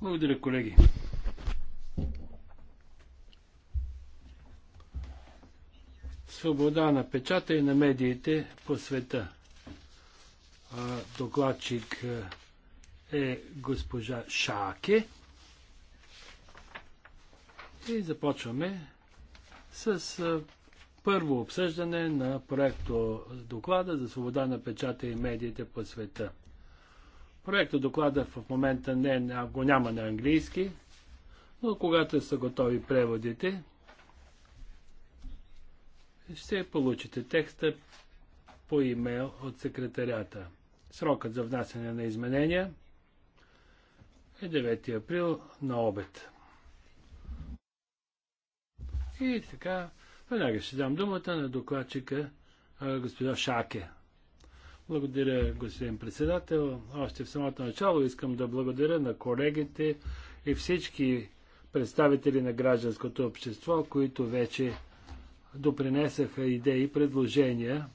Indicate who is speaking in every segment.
Speaker 1: Благодаря, колеги. Свобода на печата и на медиите по света. Докладчик е госпожа Шаке. И започваме с първо обсъждане на проекто доклада за свобода на печата и медиите по света. Проектът доклада в момента не, е го няма на английски, но когато са готови преводите, ще получите текста по имейл от секретарята. Срокът за внасяне на изменения е 9 април на обед. И така, веднага ще дам думата на докладчика господин Шаке. Благодаря, господин председател. Още в самото начало искам да благодаря на колегите и всички представители на гражданското общество, които вече допринесаха идеи и предложения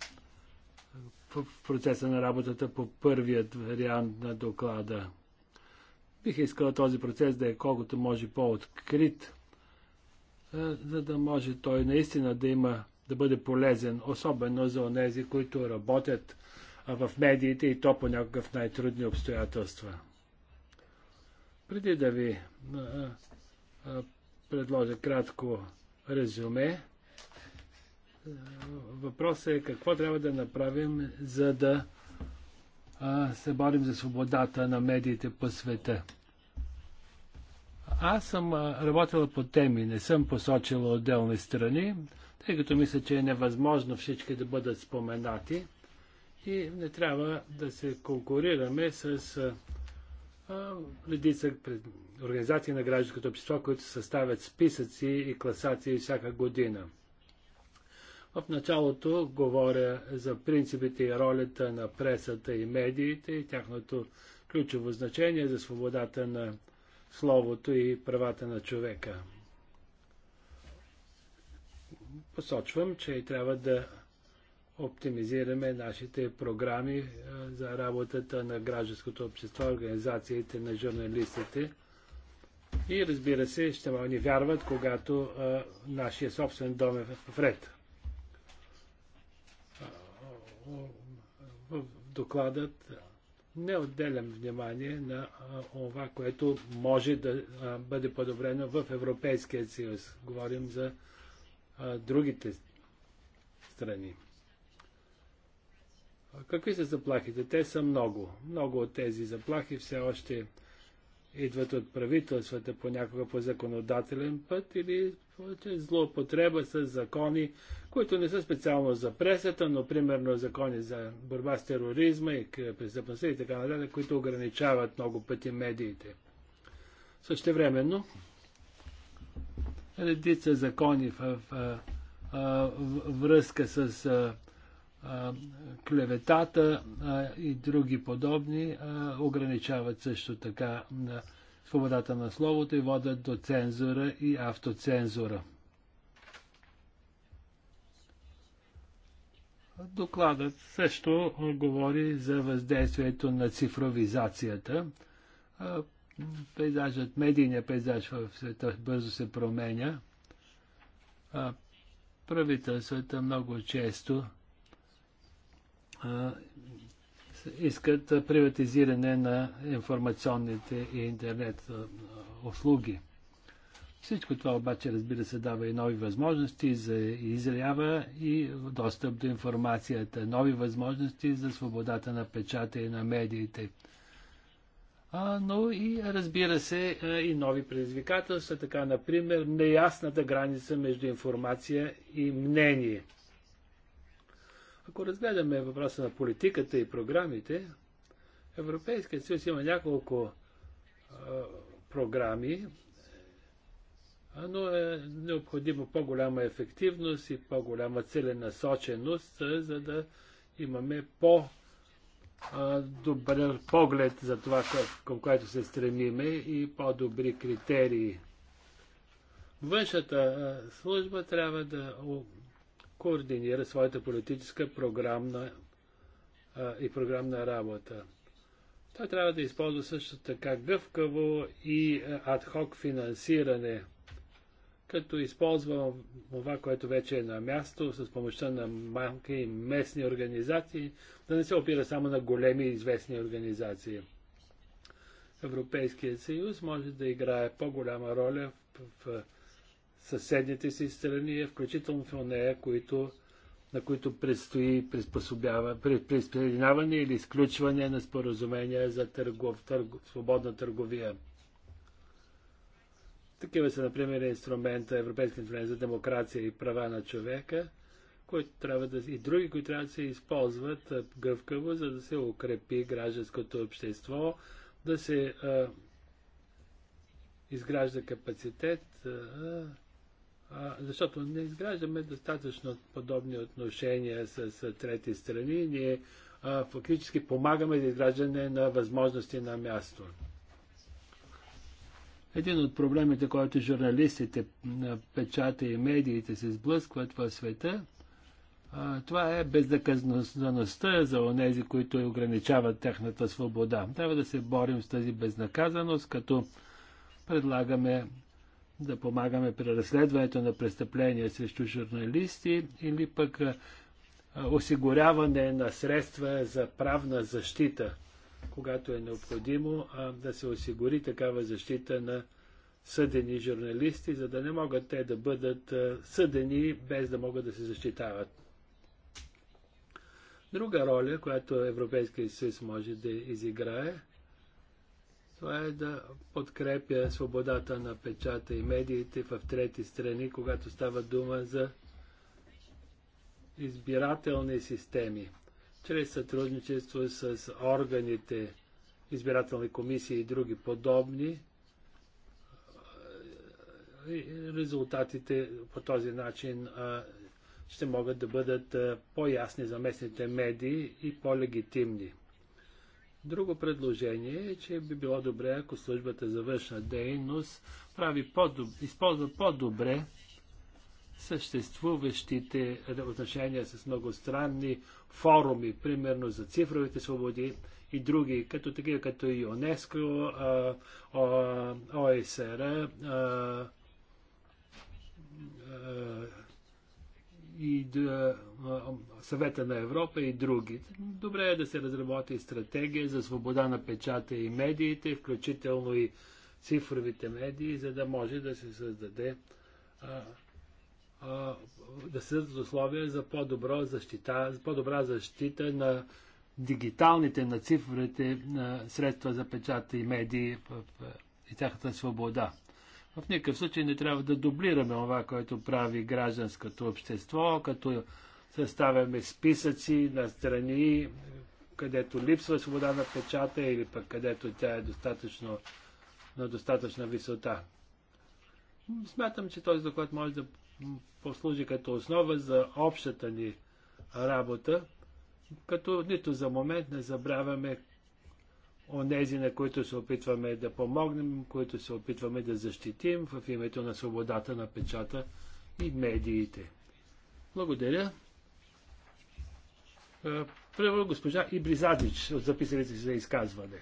Speaker 1: в процеса на работата по първият вариант на доклада. Бих искал този процес да е колкото може по-открит, за да може той наистина да има да бъде полезен, особено за онези, които работят в медиите и то по някакъв най-трудни обстоятелства. Преди да ви предложа кратко резюме, въпросът е какво трябва да направим, за да се борим за свободата на медиите по света. Аз съм работила по теми, не съм посочила отделни страни, тъй като мисля, че е невъзможно всички да бъдат споменати и не трябва да се конкурираме с а, редица организации на гражданското общество, които съставят списъци и класации всяка година. В началото говоря за принципите и ролята на пресата и медиите и тяхното ключово значение за свободата на словото и правата на човека. Посочвам, че трябва да оптимизираме нашите програми е, за работата на гражданското общество, организациите на журналистите. И разбира се, ще ни вярват, когато а, е, нашия собствен дом е в ред. Е, в докладът не отделям внимание на това, което може да а, бъде подобрено в Европейския съюз. Говорим за а, другите страни. Какви са заплахите? Те са много. Много от тези заплахи все още идват от правителствата, понякога по законодателен път или злоупотреба с закони, които не са специално за пресата, но примерно закони за борба с тероризма и престъпността и така нататък, които ограничават много пъти медиите. Същевременно, редица закони в, в, в, в връзка с клеветата и други подобни ограничават също така свободата на словото и водят до цензура и автоцензура. Докладът също говори за въздействието на цифровизацията. Пейзажът, медийният пейзаж в света бързо се променя. Правителствата много често искат приватизиране на информационните и интернет услуги. Всичко това обаче, разбира се, дава и нови възможности за изрява и достъп до информацията, нови възможности за свободата на печата и на медиите. А, но и, разбира се, и нови предизвикателства, така, например, неясната граница между информация и мнение – ако разгледаме въпроса на политиката и програмите, Европейският съюз има няколко а, програми, но е необходимо по-голяма ефективност и по-голяма целенасоченост, за да имаме по- добър поглед за това, към което се стремиме и по-добри критерии. Външната служба трябва да координира своята политическа програмна а, и програмна работа. Той трябва да използва също така гъвкаво и адхок финансиране, като използва това, което вече е на място, с помощта на малки и местни организации, да не се опира само на големи и известни организации. Европейският съюз може да играе по-голяма роля в, в съседните си страни, включително в нея, които, на които предстои присъединяване или изключване на споразумения за търгов, търг, свободна търговия. Такива са, например, инструмента, Европейски инструмент за демокрация и права на човека, които трябва да, и други, които трябва да се използват гъвкаво, за да се укрепи гражданското общество, да се а, изгражда капацитет а, защото не изграждаме достатъчно подобни отношения с, с трети страни. Ние а, фактически помагаме за изграждане на възможности на място. Един от проблемите, който журналистите, печата и медиите се сблъскват в света, а, това е безнаказаността за онези, които ограничават тяхната свобода. Трябва да се борим с тази безнаказаност, като предлагаме да помагаме при разследването на престъпления срещу журналисти или пък осигуряване на средства за правна защита, когато е необходимо да се осигури такава защита на съдени журналисти, за да не могат те да бъдат съдени без да могат да се защитават. Друга роля, която Европейския съюз може да изиграе – това е да подкрепя свободата на печата и медиите в трети страни, когато става дума за избирателни системи, чрез сътрудничество с органите, избирателни комисии и други подобни, резултатите по този начин ще могат да бъдат по-ясни за местните медии и по-легитимни. Друго предложение е, че би било добре, ако службата за външна дейност прави по използва по-добре съществуващите отношения с многостранни форуми, примерно за цифровите свободи и други, като такива като и ЮНЕСКО, ОСР, и да, съвета на Европа и други. Добре е да се разработи стратегия за свобода на печата и медиите, включително и цифровите медии, за да може да се създаде а, а, да се създадат условия за по-добра защита, по-добра защита на дигиталните, на цифровите на средства за печата и медии и тяхната свобода. В никакъв случай не трябва да дублираме това, което прави гражданското общество, като съставяме списъци на страни, където липсва свобода на печата или пък където тя е достатъчно, на достатъчна висота. Смятам, че този доклад може да послужи като основа за общата ни работа, като нито за момент не забравяме онези, на които се опитваме да помогнем, които се опитваме да защитим в името на свободата на печата и медиите. Благодаря. Е, първо госпожа Ибризадич от записалите за изказване.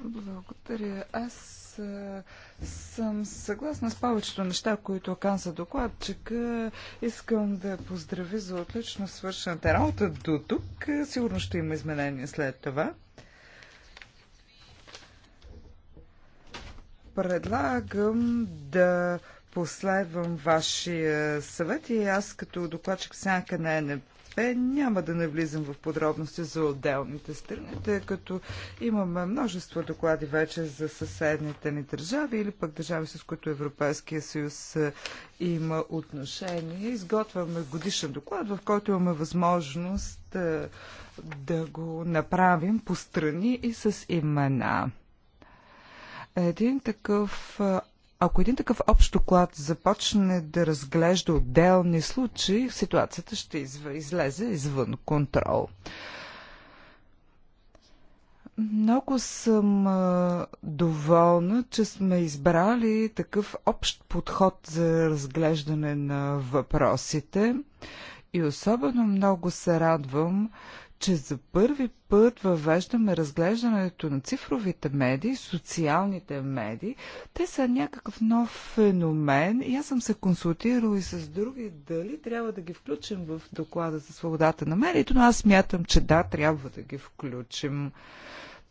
Speaker 2: Благодаря. Аз съм съгласна с повечето неща, които каза докладчика. Искам да поздравя, за отлично свършената работа до тук. Сигурно ще има изменения след това. Предлагам да последвам вашия съвет и аз като докладчик сянка на НП е, няма да навлизам в подробности за отделните страни, тъй като имаме множество доклади вече за съседните ни държави или пък държави, с които Европейския съюз е, има отношение. Изготвяме годишен доклад, в който имаме възможност да, е, да го направим по страни и с имена. Един такъв е, ако един такъв общ доклад започне да разглежда отделни случаи, ситуацията ще излезе извън контрол. Много съм доволна, че сме избрали такъв общ подход за разглеждане на въпросите и особено много се радвам, че за първи път въвеждаме разглеждането на цифровите медии, социалните медии. Те са някакъв нов феномен и аз съм се консултирала и с други дали трябва да ги включим в доклада за свободата на медиите, но аз смятам, че да, трябва да ги включим.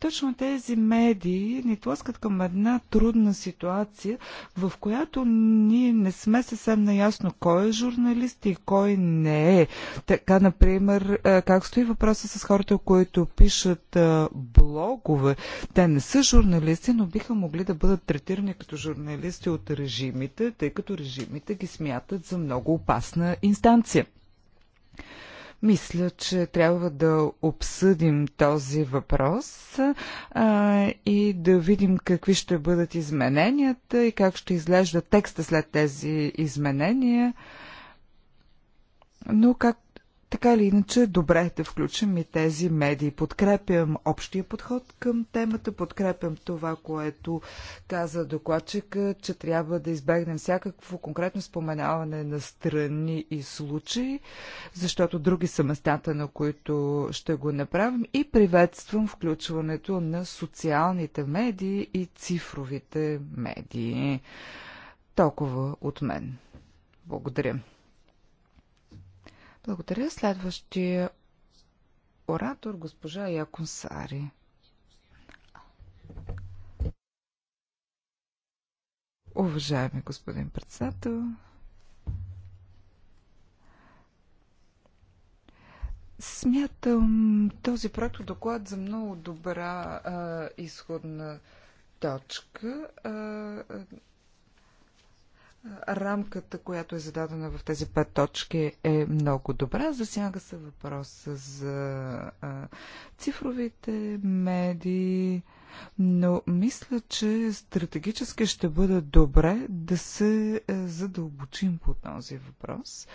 Speaker 2: Точно тези медии ни тласкат към една трудна ситуация, в която ние не сме съвсем наясно кой е журналист и кой не е. Така, например, е, как стои въпроса с хората, които пишат е, блогове. Те не са журналисти, но биха могли да бъдат третирани като журналисти от режимите, тъй като режимите ги смятат за много опасна инстанция. Мисля, че трябва да обсъдим този въпрос а, и да видим какви ще бъдат измененията и как ще изглежда текста след тези изменения. Но, как така или иначе, добре да включим и тези медии. Подкрепям общия подход към темата, подкрепям това, което каза докладчика, че трябва да избегнем всякакво конкретно споменаване на страни и случаи, защото други са местата, на които ще го направим и приветствам включването на социалните медии и цифровите медии. Толкова от мен. Благодаря. Благодаря. Следващия оратор, госпожа Яконсари. Уважаеми господин председател, Смятам този проект доклад за много добра а, изходна точка. А, Рамката, която е зададена в тези пет точки е много добра. Засяга се въпроса за цифровите медии, но мисля, че стратегически ще бъде добре да се е, задълбочим по този въпрос.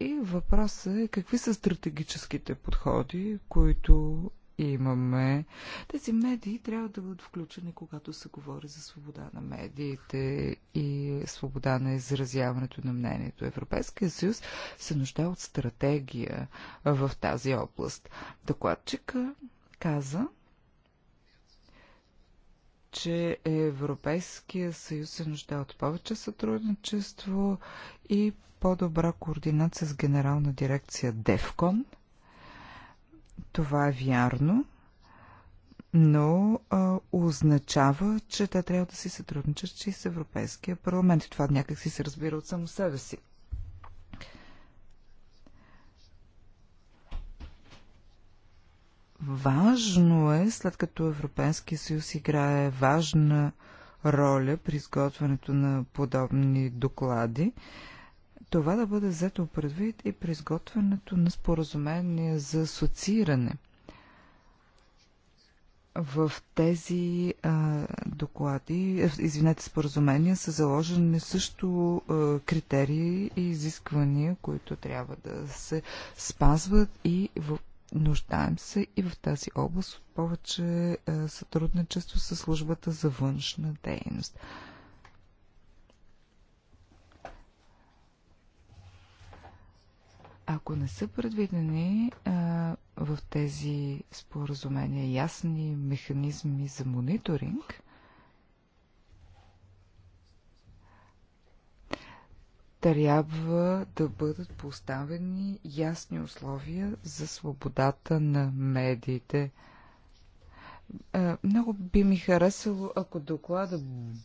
Speaker 2: И въпросът е какви са стратегическите подходи, които имаме. Тези медии трябва да бъдат включени, когато се говори за свобода на медиите и свобода на изразяването на мнението. Европейския съюз се нуждае от стратегия в тази област. Докладчика каза, че Европейския съюз се нуждае от повече сътрудничество и по-добра координация с генерална дирекция ДЕФКОН – това е вярно, но а, означава, че те трябва да си сътрудничат и с Европейския парламент. И това някак си се разбира от само себе си. Важно е, след като Европейския съюз играе важна роля при изготвянето на подобни доклади, а, това да бъде взето предвид и при изготвянето на споразумение за асоцииране в тези а, доклади, извинете, споразумения са заложени също а, критерии и изисквания, които трябва да се спазват и в, нуждаем се и в тази област от повече а, сътрудничество с службата за външна дейност. А, Ако не са предвидени а, в тези споразумения ясни механизми за мониторинг, трябва да бъдат поставени ясни условия за свободата на медиите. Е, много би ми харесало, ако доклада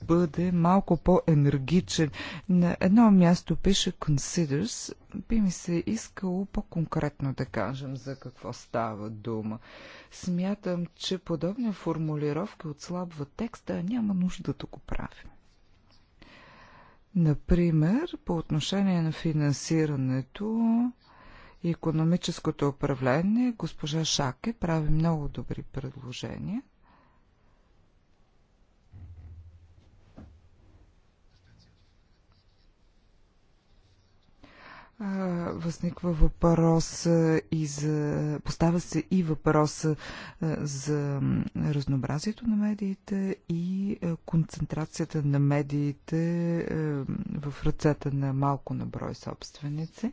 Speaker 2: бъде малко по-енергичен. На едно място пише considers. Би ми се искало по-конкретно да кажем за какво става дума. Смятам, че подобни формулировки отслабват текста, а няма нужда да го правим. Например, по отношение на финансирането и економическото управление. Госпожа Шаке прави много добри предложения. възниква въпрос и за... Поставя се и въпроса за разнообразието на медиите и концентрацията на медиите в ръцете на малко наброй собственици.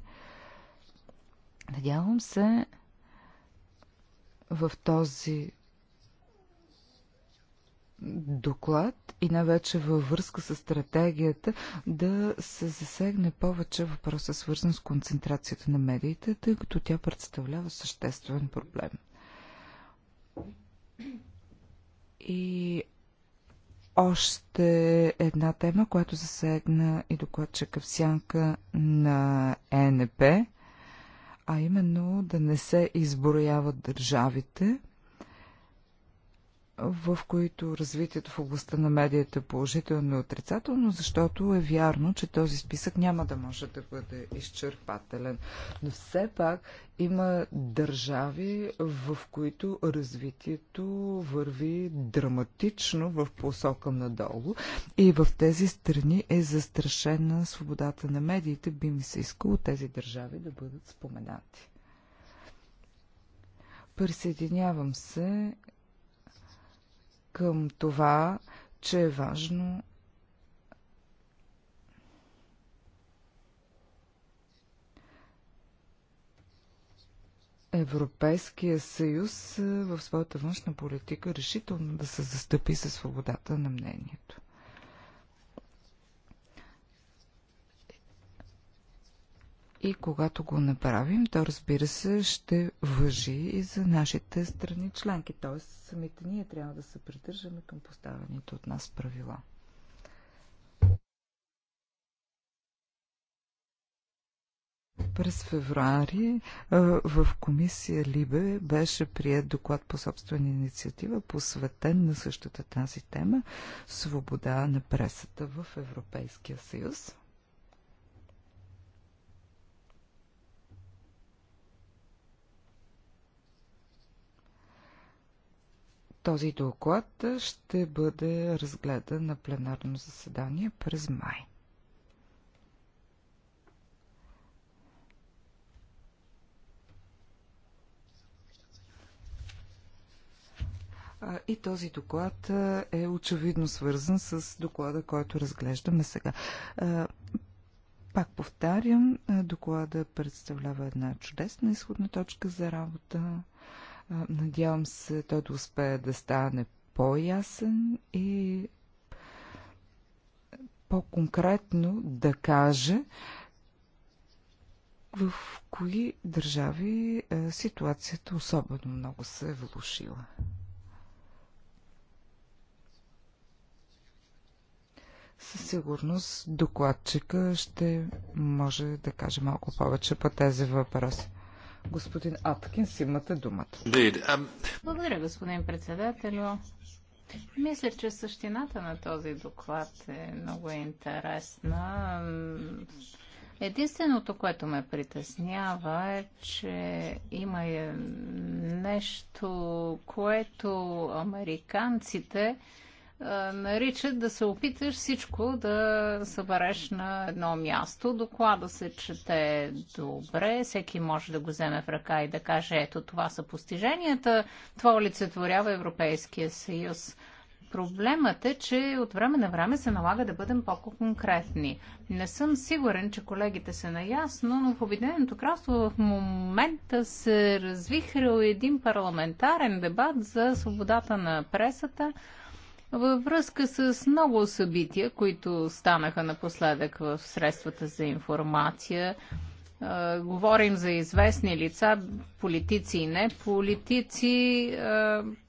Speaker 2: Надявам се в този доклад и най-вече във връзка с стратегията да се засегне повече въпроса свързан с концентрацията на медиите, тъй като тя представлява съществен проблем. И още една тема, която засегна и докладчика в сянка на ЕНП – а именно да не се изброяват държавите, в които развитието в областта на медията е положително и отрицателно, защото е вярно, че този списък няма да може да бъде изчерпателен. Но все пак има държави, в които развитието върви драматично в посока надолу и в тези страни е застрашена свободата на медиите. Би ми се искало тези държави да бъдат споменати. Присъединявам се към това, че е важно Европейския съюз в своята външна политика решително да се застъпи за свободата на мнението. И когато го направим, то разбира се ще въжи и за нашите страни членки. Т.е. самите ние трябва да се придържаме към поставените от нас правила. През февруари е, в комисия Либе беше прият доклад по собствена инициатива, посветен на същата тази тема – свобода на пресата в Европейския съюз. Този доклад ще бъде разгледан на пленарно заседание през май. И този доклад е очевидно свързан с доклада, който разглеждаме сега. Пак повтарям, доклада представлява една чудесна изходна точка за работа. Надявам се той да успее да стане по-ясен и по-конкретно да каже в кои държави е, ситуацията особено много се е влушила. Със сигурност докладчика ще може да каже малко повече по тези въпроси. Господин Аткинс, имате думата.
Speaker 1: Um,
Speaker 3: Благодаря, господин председателю. Мисля, че същината на този доклад е много интересна. Единственото, което ме притеснява е, че има е нещо, което американците наричат да се опиташ всичко да събереш на едно място. Доклада се чете добре, всеки може да го вземе в ръка и да каже, ето това са постиженията, това олицетворява Европейския съюз. Проблемът е, че от време на време се налага да бъдем по-конкретни. Не съм сигурен, че колегите са наясно, но в Обединеното кралство в момента се развихрил един парламентарен дебат за свободата на пресата – във връзка с много събития, които станаха напоследък в средствата за информация, говорим за известни лица, политици и не политици,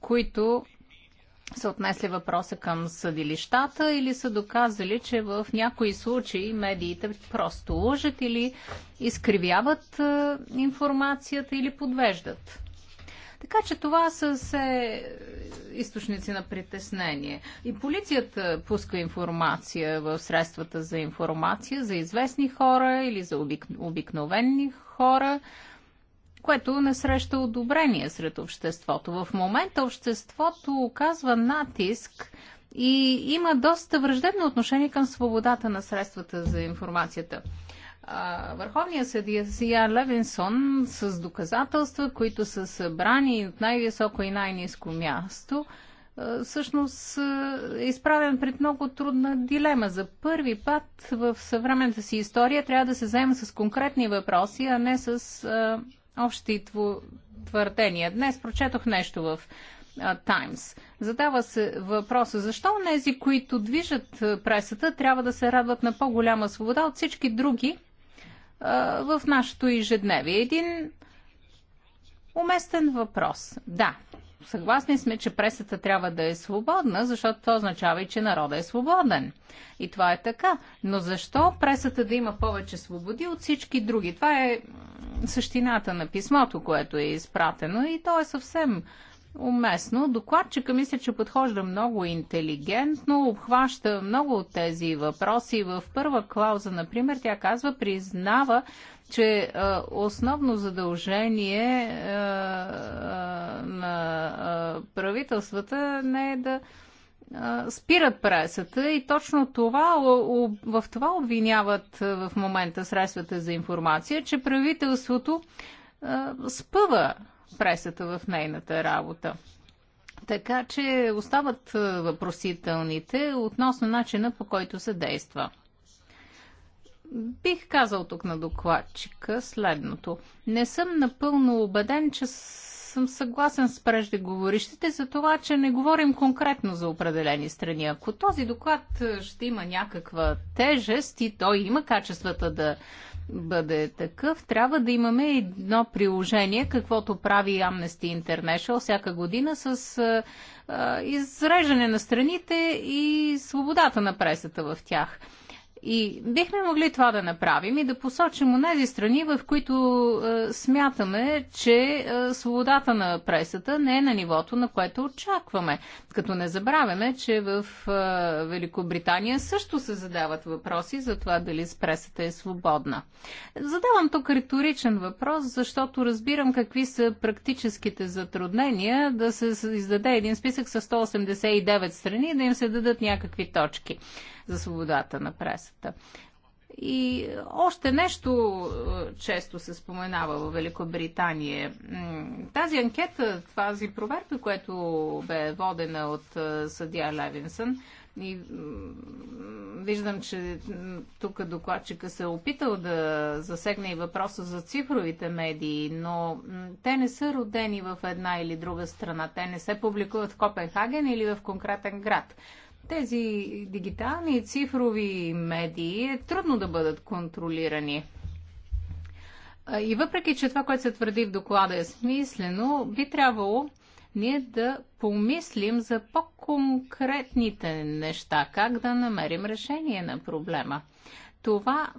Speaker 3: които са отнесли въпроса към съдилищата или са доказали, че в някои случаи медиите просто лъжат или изкривяват информацията или подвеждат. Така че това са се източници на притеснение. И полицията пуска информация в средствата за информация за известни хора или за обик... обикновени хора, което не среща одобрение сред обществото. В момента обществото оказва натиск и има доста враждебно отношение към свободата на средствата за информацията. Върховният съдия Сия Левинсон с доказателства, които са събрани от най-високо и най-низко място, всъщност е изправен пред много трудна дилема. За първи път в съвременната си история трябва да се заема с конкретни въпроси, а не с а, общи твърдения. Днес прочетох нещо в Таймс. Задава се въпроса, защо нези, които движат пресата, трябва да се радват на по-голяма свобода от всички други, в нашето ежедневие. Един уместен въпрос. Да, съгласни сме, че пресата трябва да е свободна, защото това означава и, че народа е свободен. И това е така. Но защо пресата да има повече свободи от всички други? Това е същината на писмото, което е изпратено и то е съвсем уместно. Докладчика мисля, че подхожда много интелигентно, обхваща много от тези въпроси. В първа клауза, например, тя казва, признава, че а, основно задължение а, а, на правителствата не е да спират пресата и точно това, в това обвиняват в момента средствата за информация, че правителството спъва пресата в нейната работа. Така че остават е, въпросителните относно начина по който се действа. Бих казал тук на докладчика следното. Не съм напълно убеден, че съм съгласен с преждеговорищите за това, че не говорим конкретно за определени страни. Ако този доклад е, ще има някаква тежест и той има качествата да бъде такъв, трябва да имаме едно приложение, каквото прави Amnesty International всяка година с а, изреждане на страните и свободата на пресата в тях. И бихме могли това да направим и да посочим нези страни, в които е, смятаме, че е, свободата на пресата не е на нивото, на което очакваме. Като не забравяме, че в е, Великобритания също се задават въпроси за това дали с пресата е свободна. Задавам тук риторичен въпрос, защото разбирам какви са практическите затруднения да се издаде един списък с 189 страни и да им се дадат някакви точки за свободата на пресата. И още нещо е, често се споменава в Великобритания. Тази анкета, тази проверка, която бе водена от е, съдия Левинсън, и виждам, че тук докладчика се е опитал да засегне и въпроса за цифровите медии, но те не са родени в една или друга страна. Те не се публикуват в Копенхаген или в конкретен град. Тези дигитални и цифрови медии е трудно да бъдат контролирани. И въпреки, че това, което се твърди в доклада е смислено, би трябвало ние да помислим за по-конкретните неща, как да намерим решение на проблема. Това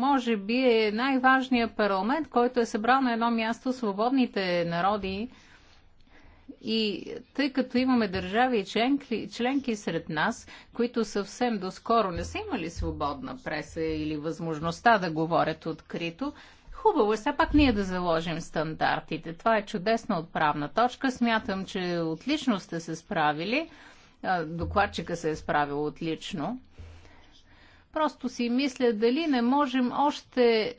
Speaker 3: може би е най-важният парламент, който е събрал на едно място свободните народи и тъй като имаме държави и членки, членки сред нас, които съвсем доскоро не са имали свободна преса или възможността да говорят открито, Хубаво е все пак ние да заложим стандартите. Това е чудесна отправна точка. Смятам, че отлично сте се справили. Докладчика се е справил отлично. Просто си мисля дали не можем още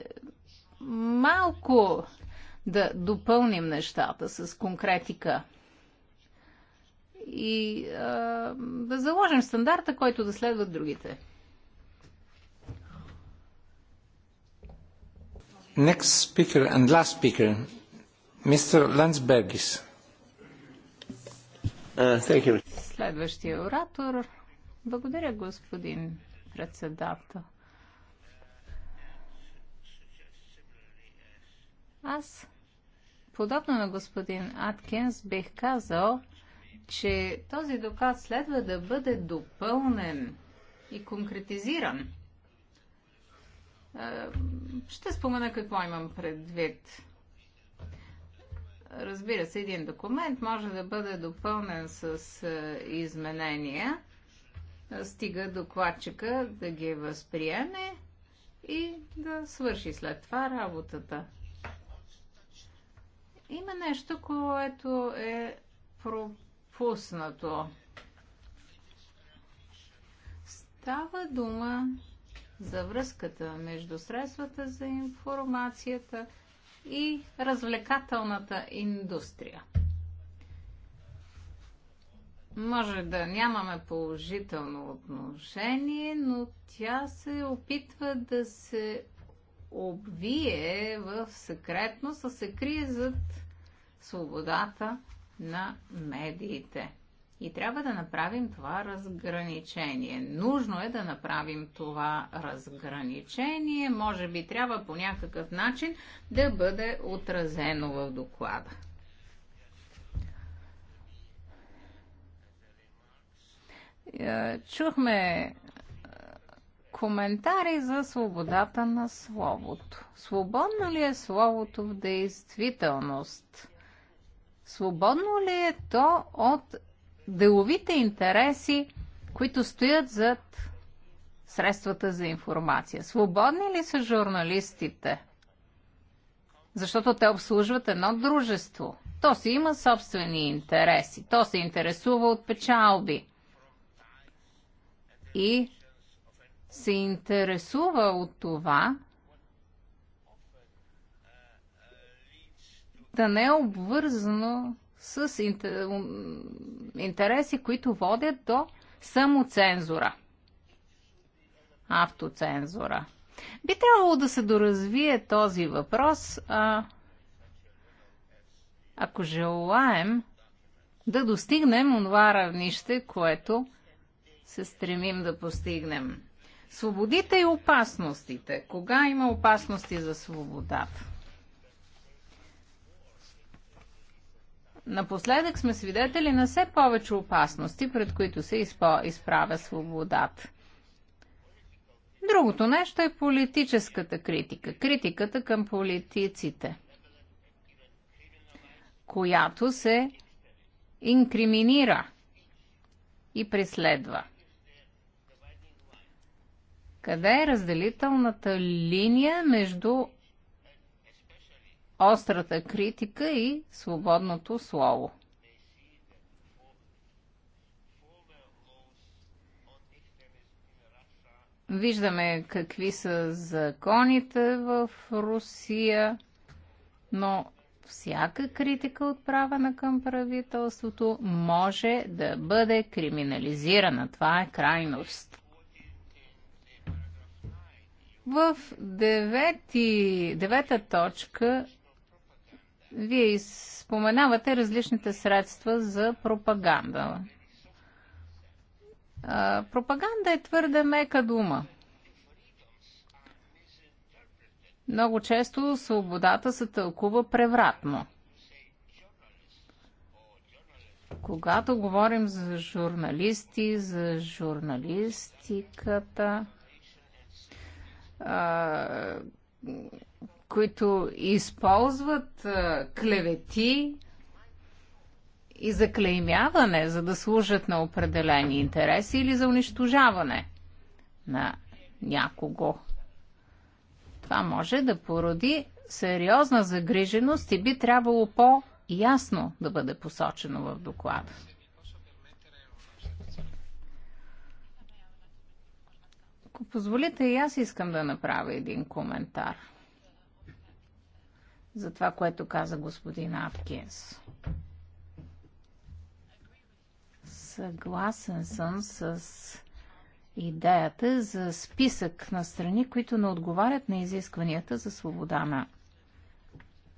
Speaker 3: малко да допълним нещата с конкретика и а, да заложим стандарта, който да следват другите.
Speaker 4: Next speaker and last speaker, Mr. Landsbergis. Uh, thank you.
Speaker 3: Следващия оратор. Благодаря, господин председател. Аз, подобно на господин Аткинс, бих казал, че този доклад следва да бъде допълнен и конкретизиран. Е, ще спомена какво имам предвид. Разбира се, един документ може да бъде допълнен с е, изменения, стига докладчика да ги възприеме и да свърши след това работата. Има нещо, което е пропълнено пропуснато. Става дума за връзката между средствата за информацията и развлекателната индустрия. Може да нямаме положително отношение, но тя се опитва да се обвие в секретно, да се крие зад свободата на медиите. И трябва да направим това разграничение. Нужно е да направим това разграничение. Може би трябва по някакъв начин да бъде отразено в доклада. Е, чухме е, коментари за свободата на словото. Свободно ли е словото в действителност? Свободно ли е то от деловите интереси, които стоят зад средствата за информация? Свободни ли са журналистите? Защото те обслужват едно дружество. То си има собствени интереси. То се интересува от печалби. И се интересува от това, да не е обвързано с интереси, които водят до самоцензура, автоцензура. Би трябвало да се доразвие този въпрос, а, ако желаем да достигнем това равнище, което се стремим да постигнем. Свободите и опасностите. Кога има опасности за свободата? Напоследък сме свидетели на все повече опасности, пред които се изправя свободата. Другото нещо е политическата критика, критиката към политиците, която се инкриминира и преследва. Къде е разделителната линия между острата критика и свободното слово. Виждаме какви са законите в Русия, но всяка критика, отправена към правителството, може да бъде криминализирана. Това е крайност. В девета точка вие споменавате различните средства за пропаганда. пропаганда е твърде мека дума. Много често свободата се тълкува превратно. Когато говорим за журналисти, за журналистиката, които използват клевети и заклеймяване, за да служат на определени интереси или за унищожаване на някого. Това може да породи сериозна загриженост и би трябвало по-ясно да бъде посочено в доклада. Ако позволите, и аз искам да направя един коментар – за това, което каза господин Аткинс. Съгласен съм с идеята за списък на страни, които не отговарят на изискванията за свобода на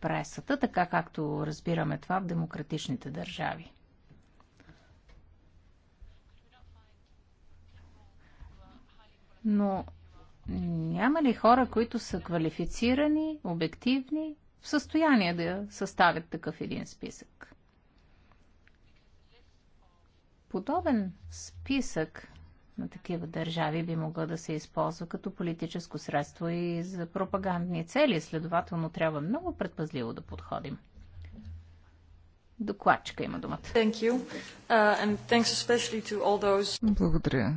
Speaker 3: пресата, така както разбираме това в демократичните държави. Но няма ли хора, които са квалифицирани, обективни в състояние да съставят такъв един списък. Подобен списък на такива държави би могъл да се използва като политическо средство и за пропагандни цели. Следователно трябва много предпазливо да подходим.
Speaker 2: Докладчика има думата. Uh, Благодаря.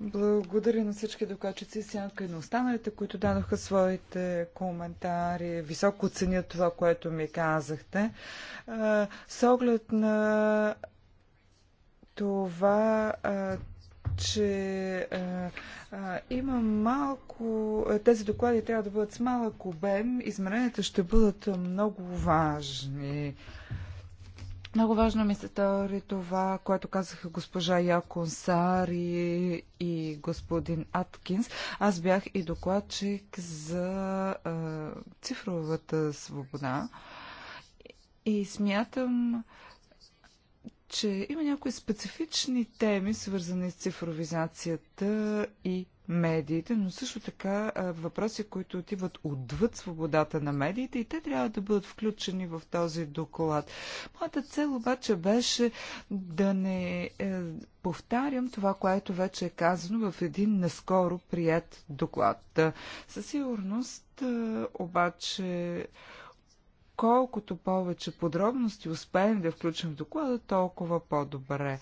Speaker 2: Благодаря на всички докачици, сянка и на останалите, които дадоха своите коментари. Високо оценя това, което ми казахте. С оглед на това, че а, а, има малко. Тези доклади трябва да бъдат с малък обем. Измеренията ще бъдат много важни. А, много важно ми се тори това, което казаха госпожа Якон Сари и господин Аткинс. Аз бях и докладчик за а, цифровата свобода и смятам, че има някои специфични теми, свързани с цифровизацията и медиите, но също така въпроси, които отиват отвъд свободата на медиите и те трябва да бъдат включени в този доклад. Моята цел обаче беше да не е, повтарям това, което вече е казано в един наскоро прият доклад. Със сигурност обаче колкото повече подробности успеем да включим в доклада, толкова по-добре.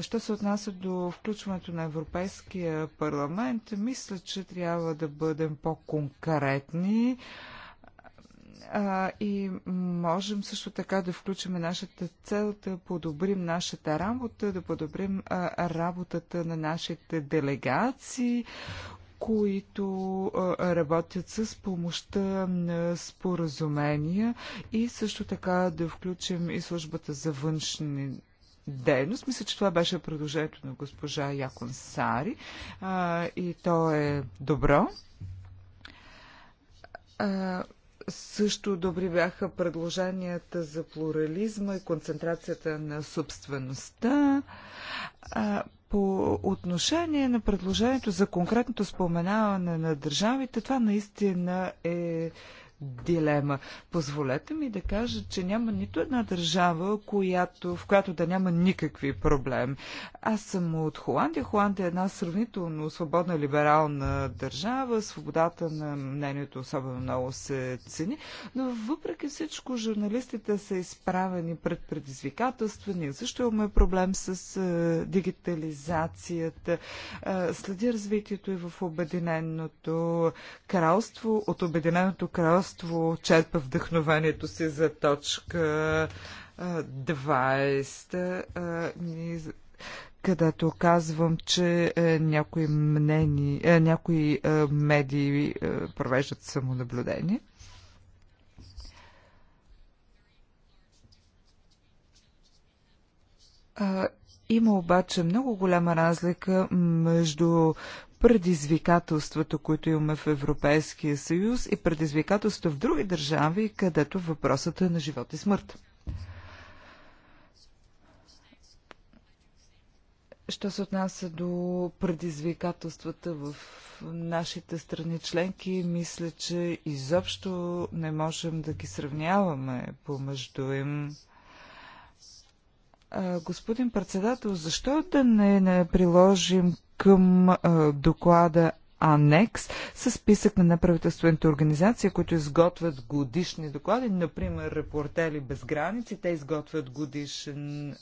Speaker 2: Що се отнася до включването на Европейския парламент, мисля, че трябва да бъдем по-конкретни и можем също така да включим нашата цел да подобрим нашата работа, да подобрим работата на нашите делегации които работят с помощта на споразумения и също така да включим и службата за външни дейност. Мисля, че това беше предложението на госпожа Якон Сари и то е добро. Също добри бяха предложенията за плурализма и концентрацията на собствеността. По отношение на предложението за конкретното споменаване на държавите, това наистина е дилема. Позволете ми да кажа, че няма нито една държава, която, в която да няма никакви проблеми. Аз съм от Холандия. Холандия е една сравнително свободна либерална държава. Свободата на мнението особено много се цени. Но въпреки всичко, журналистите са изправени пред предизвикателства. Ние също имаме проблем с е, дигитализацията. Е, следи развитието и в Обединеното кралство. От Обединеното кралство пространство черпа вдъхновението си за точка 20 където казвам, че е, някои мнени, е, някои е, медии провеждат самонаблюдение. има обаче много голяма разлика между предизвикателствата, които имаме в Европейския съюз и предизвикателства в други държави, където въпросът е на живот и смърт. Що се отнася до предизвикателствата в нашите страни членки, мисля, че изобщо не можем да ги сравняваме помежду им господин председател, защо да не, не приложим към а, доклада анекс с списък на неправителствените организации, които изготвят годишни доклади, например Репортели без граници, те изготвят годишен а,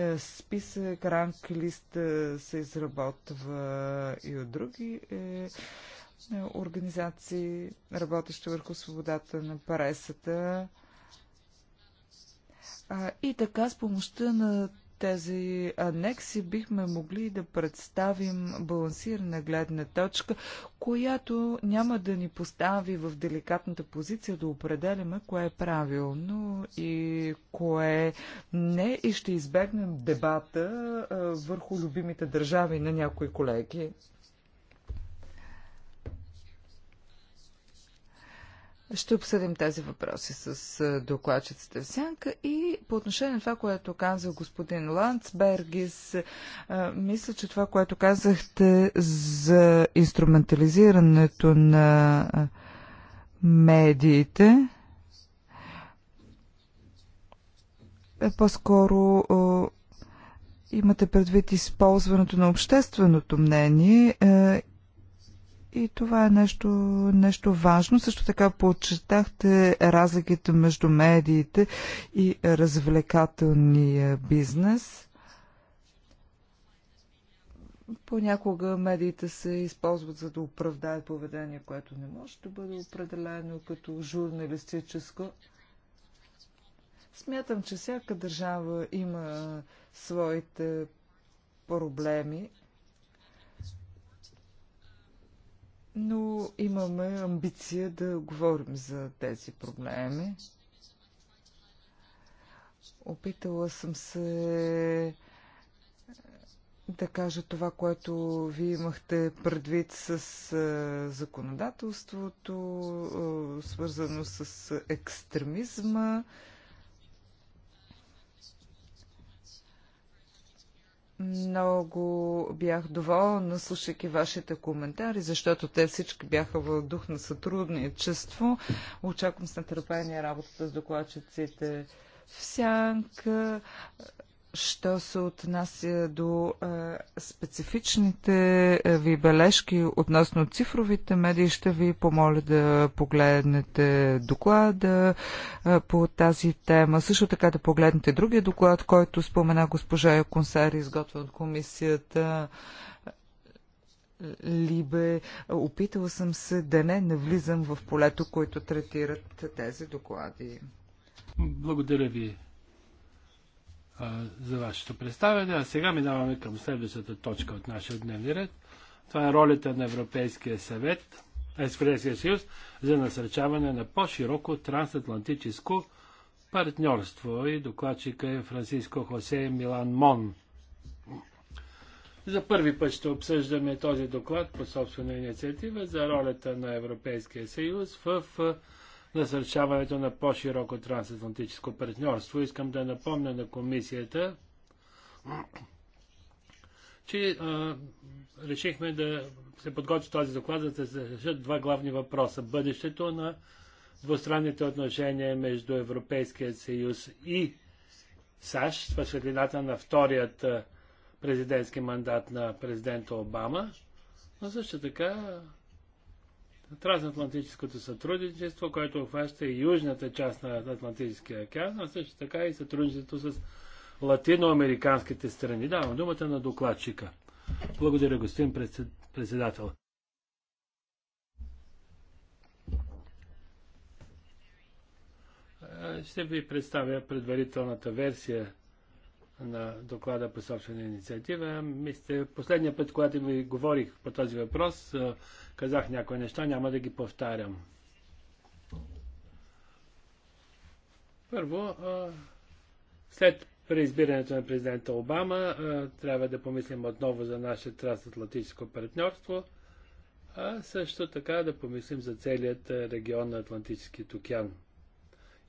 Speaker 2: а, списък, ранг лист а, се изработва и от други е, е, организации, работещи върху свободата на паресата. И така с помощта на тези анекси бихме могли да представим балансирана гледна точка, която няма да ни постави в деликатната позиция да определяме кое е правилно и кое не и ще избегнем дебата а, върху любимите държави на някои колеги. Ще обсъдим тези въпроси с докладчицата в сянка и по отношение на това, което каза господин Ландсбергис, мисля, че това, което казахте за инструментализирането на медиите, е по-скоро имате предвид използването на общественото мнение е, и това е нещо, нещо важно. Също така подчертахте разликите между медиите и развлекателния бизнес. Понякога медиите се използват за да оправдаят поведение, което не може да бъде определено като журналистическо. Смятам, че всяка държава има своите проблеми но имаме амбиция да говорим за тези проблеми. Опитала съм се да кажа това, което вие имахте предвид с е, законодателството, е, свързано с екстремизма. Много бях доволна, слушайки вашите коментари, защото те всички бяха в дух на сътрудничество. Очаквам с нетърпение работата с докладчиците в сянка. Що се отнася до а, специфичните ви бележки относно цифровите медии, ще ви помоля да погледнете доклада а, по тази тема. Също така да погледнете другия доклад, който спомена госпожа Яконсари, изготвен от комисията Либе. Опитала съм се да не навлизам в полето, което третират тези доклади.
Speaker 1: Благодаря ви, за вашето представяне. А сега минаваме към следващата точка от нашия дневни ред. Това е ролята на Европейския съвет, Европейския съюз за насърчаване на по-широко трансатлантическо партньорство и докладчика е Франциско Хосе Милан Мон. За първи път ще обсъждаме този доклад по собствена инициатива за ролята на Европейския съюз в насърчаването на по-широко трансатлантическо партньорство. Искам да напомня на комисията, че а, решихме да се подготви този доклад, за да се решат два главни въпроса. Бъдещето на двустранните отношения между Европейския съюз и САЩ, в светлината на вторият президентски мандат на президента Обама, но също така трансатлантическото сътрудничество, което обхваща и южната част на Атлантическия океан, а също така и сътрудничеството с латиноамериканските страни. Давам думата на докладчика. Благодаря, господин председател. Ще ви представя предварителната версия на доклада по собствена инициатива. Мисля, последния път, когато ви говорих по този въпрос, Казах някои неща, няма да ги повтарям. Първо, след преизбирането на президента Обама, трябва да помислим отново за наше трансатлантическо партньорство, а също така да помислим за целият регион на Атлантическият океан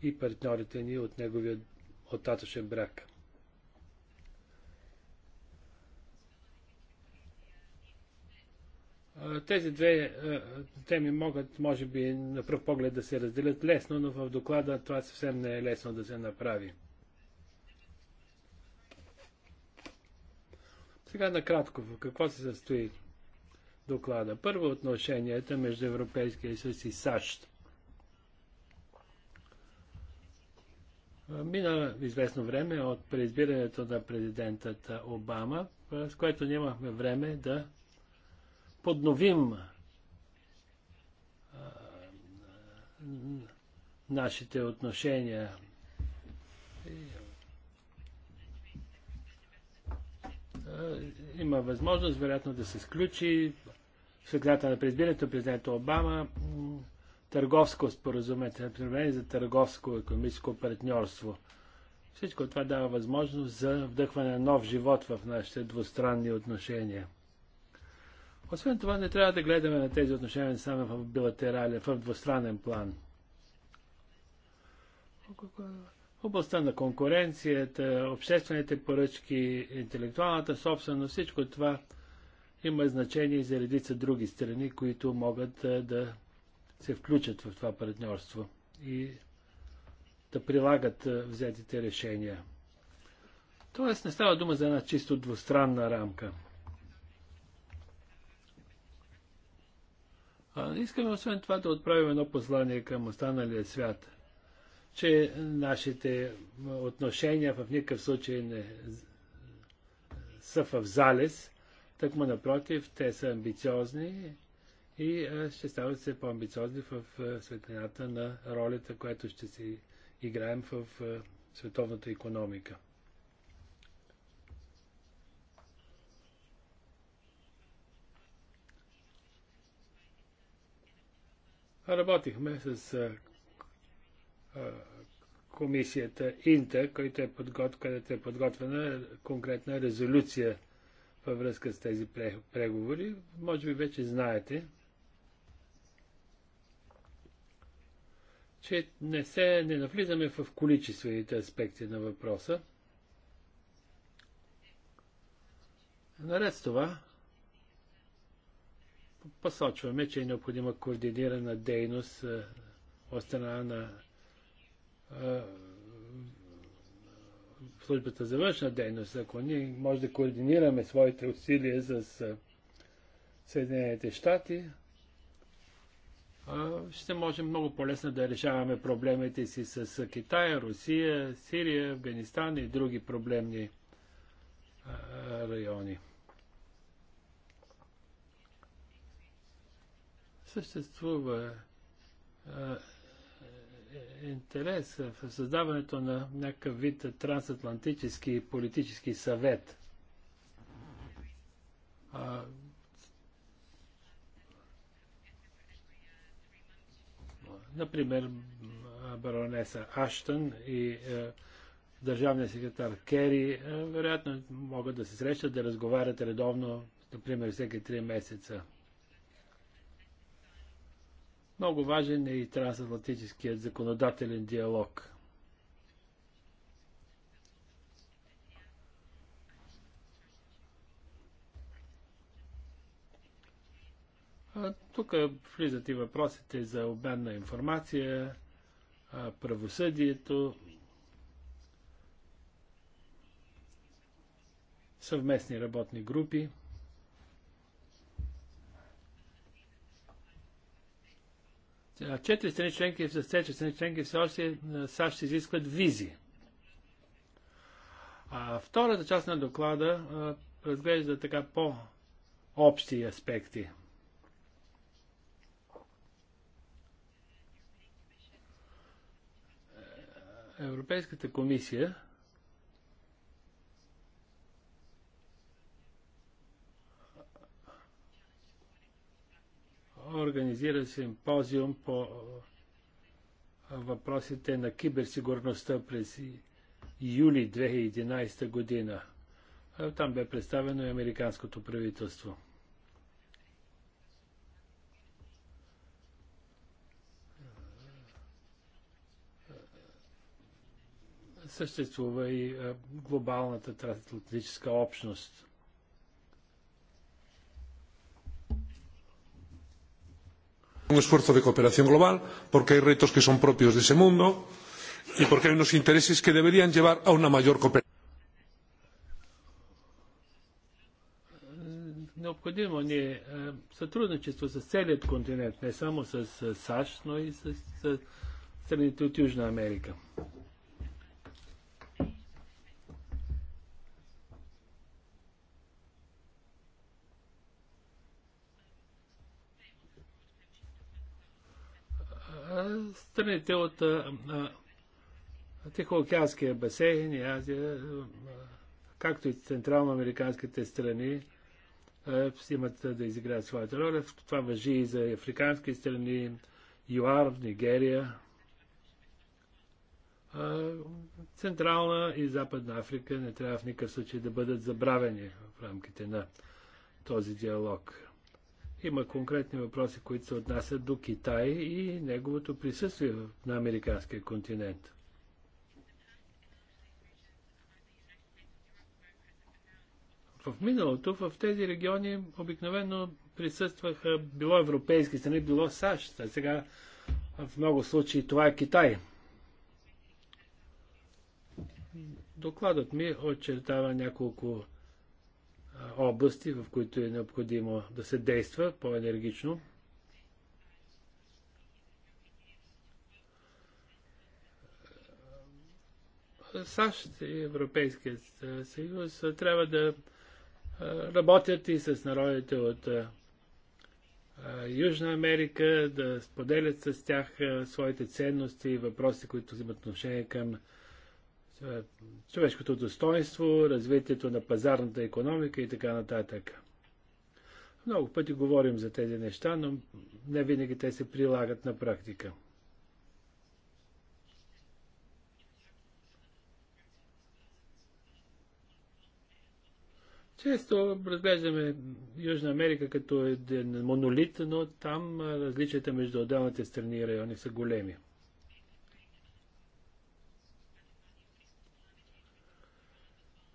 Speaker 1: и партньорите ни от неговия оттатъчен брак. Тези две теми могат, може би, на пръв поглед да се разделят лесно, но в доклада това съвсем не е лесно да се направи. Сега накратко, в какво се състои доклада? Първо отношенията между Европейския съюз и САЩ. Мина известно време от преизбирането на президентата Обама, с което нямахме време да подновим нашите отношения. Има възможност, вероятно, да се сключи в светлята на президента, президента Обама, търговско споразумение, за търговско економическо партньорство. Всичко това дава възможност за вдъхване на нов живот в нашите двустранни отношения. Освен това, не трябва да гледаме на тези отношения само в билатерален, в двустранен план. Областта на конкуренцията, обществените поръчки, интелектуалната собственост, всичко това има значение за редица други страни, които могат да се включат в това партньорство и да прилагат взетите решения. Тоест не става дума за една чисто двустранна рамка. А, искаме освен това да отправим едно послание към останалия свят, че нашите отношения в никакъв случай не са в залез, так му напротив, те са амбициозни и ще стават все по-амбициозни в светлината на ролята, която ще си играем в световната економика. Работихме с а, а, комисията Инта, която е подгот, е подготвена конкретна резолюция във връзка с тези преговори. Може би вече знаете, че не се не навлизаме в количествените аспекти на въпроса. Наред с това, посочваме, че е необходима координирана дейност е, от страна на е, службата за външна дейност. Ако ние може да координираме своите усилия с е, Съединените щати, ще можем много по-лесно да решаваме проблемите си с Китая, Русия, Сирия, Афганистан и други проблемни райони. Съществува е, е, интерес в създаването на някакъв вид трансатлантически политически съвет. А, например, баронеса Аштън и е, държавния секретар Кери е, вероятно могат да се срещат, да разговарят редовно, например, всеки три месеца. Много важен е и трансатлантическият законодателен диалог. Тук влизат и въпросите за обмен на информация, правосъдието, съвместни работни групи. Четири страни членки, с тези страни членки все още САЩ изискват визи. А втората част на доклада разглежда така по-общи аспекти. Европейската комисия организира симпозиум по въпросите на киберсигурността през юли 2011 година. Там бе представено и американското правителство. Съществува и глобалната трансатлантическа общност –
Speaker 4: un esfuerzo de cooperación global, porque hay retos que son propios de ese mundo y porque hay unos intereses que deberían llevar a una mayor cooperación.
Speaker 1: Необходимо ни е сътрудничество с целият континент, не само с САЩ, но и с страните от Южна Америка. Страните от Тихоокеанския басейн и Азия, както и централноамериканските страни, имат да изиграят своята роля. Това въжи и за африкански страни, ЮАР, Нигерия, Централна и Западна Африка не трябва в никакъв случай да бъдат забравени в рамките на този диалог. Има конкретни въпроси, които се отнасят до Китай и неговото присъствие на американския континент. В миналото в тези региони обикновено присъстваха било европейски страни, било САЩ, а сега в много случаи това е Китай. Докладът ми очертава няколко области, в които е необходимо да се действа по-енергично. САЩ и Европейският съюз трябва да работят и с народите от Южна Америка, да споделят с тях своите ценности и въпроси, които имат отношение към е, човешкото достоинство, развитието на пазарната економика и така нататък. Много пъти говорим за тези неща, но не винаги те се прилагат на практика. Често разглеждаме Южна Америка като един монолит, но там различията между отделните страни и райони са големи.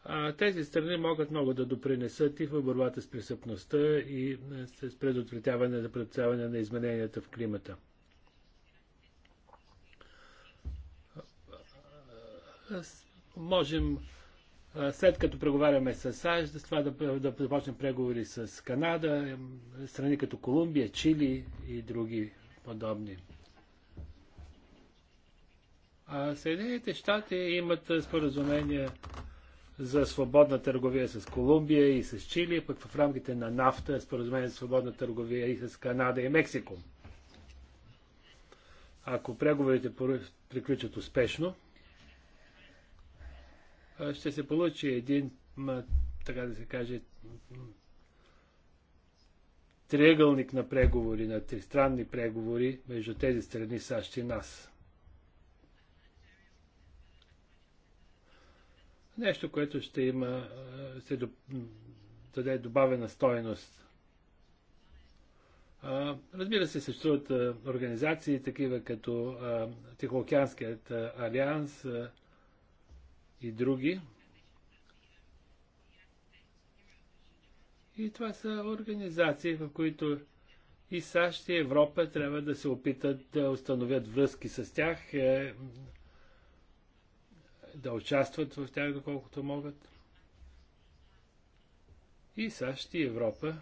Speaker 1: А, тези страни могат много да допринесат и в борбата с престъпността и с предотвратяване за предотвратяване на измененията в климата. Можем, след като преговаряме с САЩ, с това да, да започнем преговори с Канада, страни като Колумбия, Чили и други подобни. Съединените щати имат споразумения за свободна търговия с Колумбия и с Чили, пък в рамките на нафта споразумение за свободна търговия и с Канада и Мексико. Ако преговорите приключат успешно, ще се получи един, така да се каже, триъгълник на преговори, на тристранни преговори между тези страни САЩ и нас. Нещо, което ще има, ще даде добавена стоеност. Разбира се, съществуват организации, такива като Тихоокеанският алианс и други. И това са организации, в които и САЩ и Европа трябва да се опитат да установят връзки с тях е, да участват в тях доколкото могат. И САЩ и Европа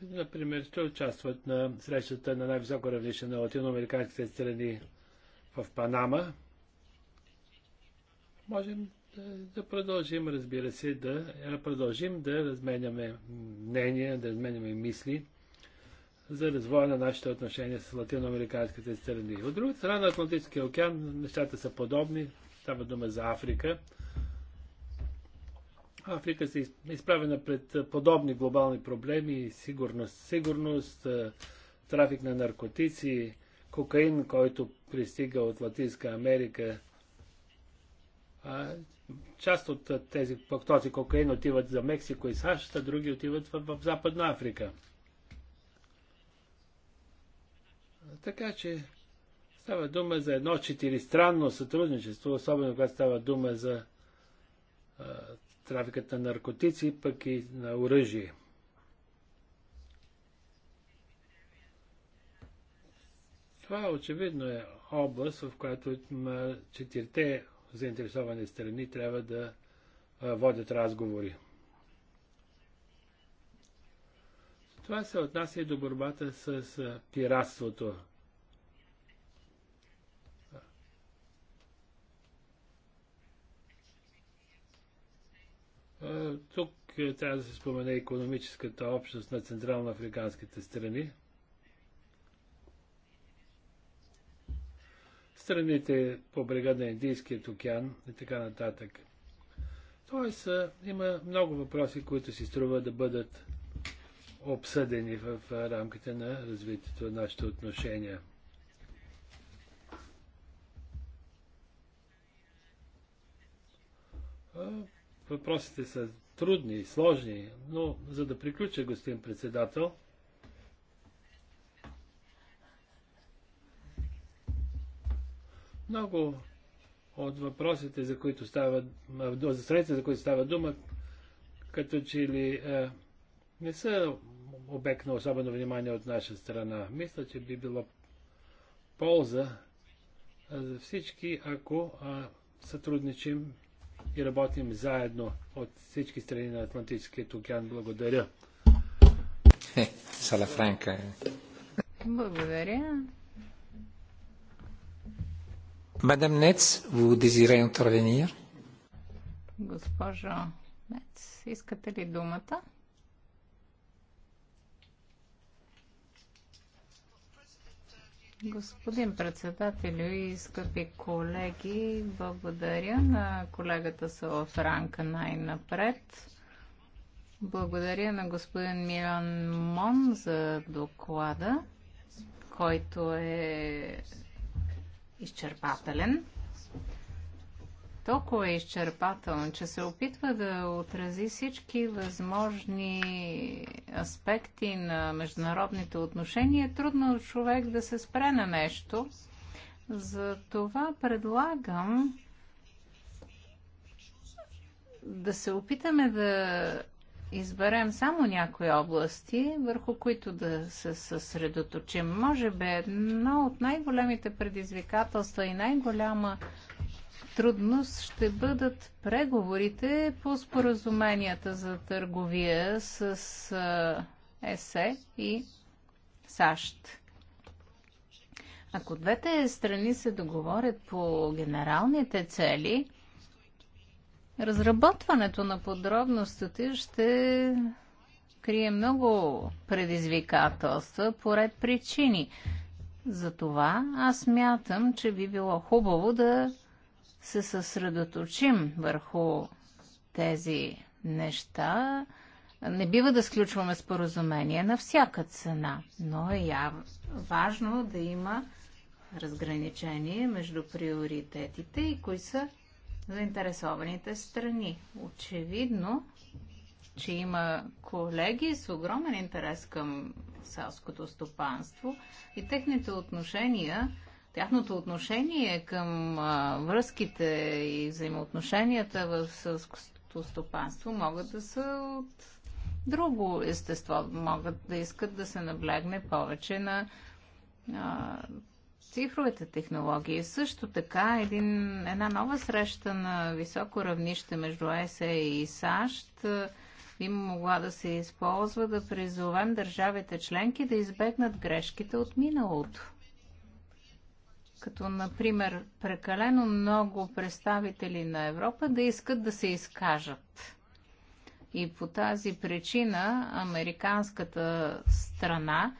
Speaker 1: Например, ще участват на срещата на най-високо равнище на латиноамериканските страни в Панама. Можем да продължим, разбира се, да продължим да разменяме мнения, да разменяме мисли за развоя на нашите отношения с латиноамериканските страни. От друга страна на Атлантическия океан нещата са подобни. Става дума за Африка. Африка се изправена пред подобни глобални проблеми. Сигурност, сигурност, трафик на наркотици, кокаин, който пристига от Латинска Америка. А, част от тези, този кокаин отиват за Мексико и САЩ, а други отиват в, в Западна Африка. Така че става дума за едно четиристранно сътрудничество, особено когато става дума за а, трафиката на наркотици, пък и на оръжие. Това очевидно е област, в която четирите заинтересовани страни трябва да водят разговори. Това се отнася и до борбата с пиратството. Тук е, трябва да се спомене економическата общност на Централно-Африканските страни. Страните по брега на Индийският океан и така нататък. Тоест, има много въпроси, които си струва да бъдат обсъдени в рамките на развитието на нашите отношения. Въпросите са трудни и сложни, но за да приключа, господин председател, много от въпросите, за които става, за средите, за които става дума, като че ли е, не са обект на особено внимание от наша страна. Мисля, че би било полза е, за всички, ако а, е, сътрудничим и работим заедно от всички страни на Атлантическия океан. Благодаря.
Speaker 4: Сала Франка.
Speaker 3: Благодаря.
Speaker 4: Мадам Нец, vous désirez интервенир?
Speaker 3: Госпожо Нец, искате ли думата? Господин председател и скъпи колеги, благодаря на колегата Ранка най-напред. Благодаря на господин Милан Мон за доклада, който е изчерпателен толкова е изчерпателен, че се опитва да отрази всички възможни аспекти на международните отношения, е трудно човек да се спре на нещо. Затова предлагам да се опитаме да изберем само някои области, върху които да се съсредоточим. Може би едно от най-големите предизвикателства и най-голяма трудност ще бъдат преговорите по споразуменията за търговия с ЕСЕ и САЩ. Ако двете страни се договорят по генералните цели, разработването на подробностите ще крие много предизвикателства по ред причини. Затова аз мятам, че би било хубаво да се съсредоточим върху тези неща, не бива да сключваме споразумение на всяка цена, но е яв... важно да има разграничение между приоритетите и кои са заинтересованите страни. Очевидно, че има колеги с огромен интерес към селското стопанство и техните отношения тяхното отношение към а, връзките и взаимоотношенията в сълското стопанство могат да са от друго естество. Могат да искат да се наблегне повече на а, цифровите технологии. Също така един, една нова среща на високо равнище между ЕСЕ и САЩ би могла да се използва да призовем държавите членки да избегнат грешките от миналото като например прекалено много представители на Европа да искат да се изкажат. И по тази причина американската страна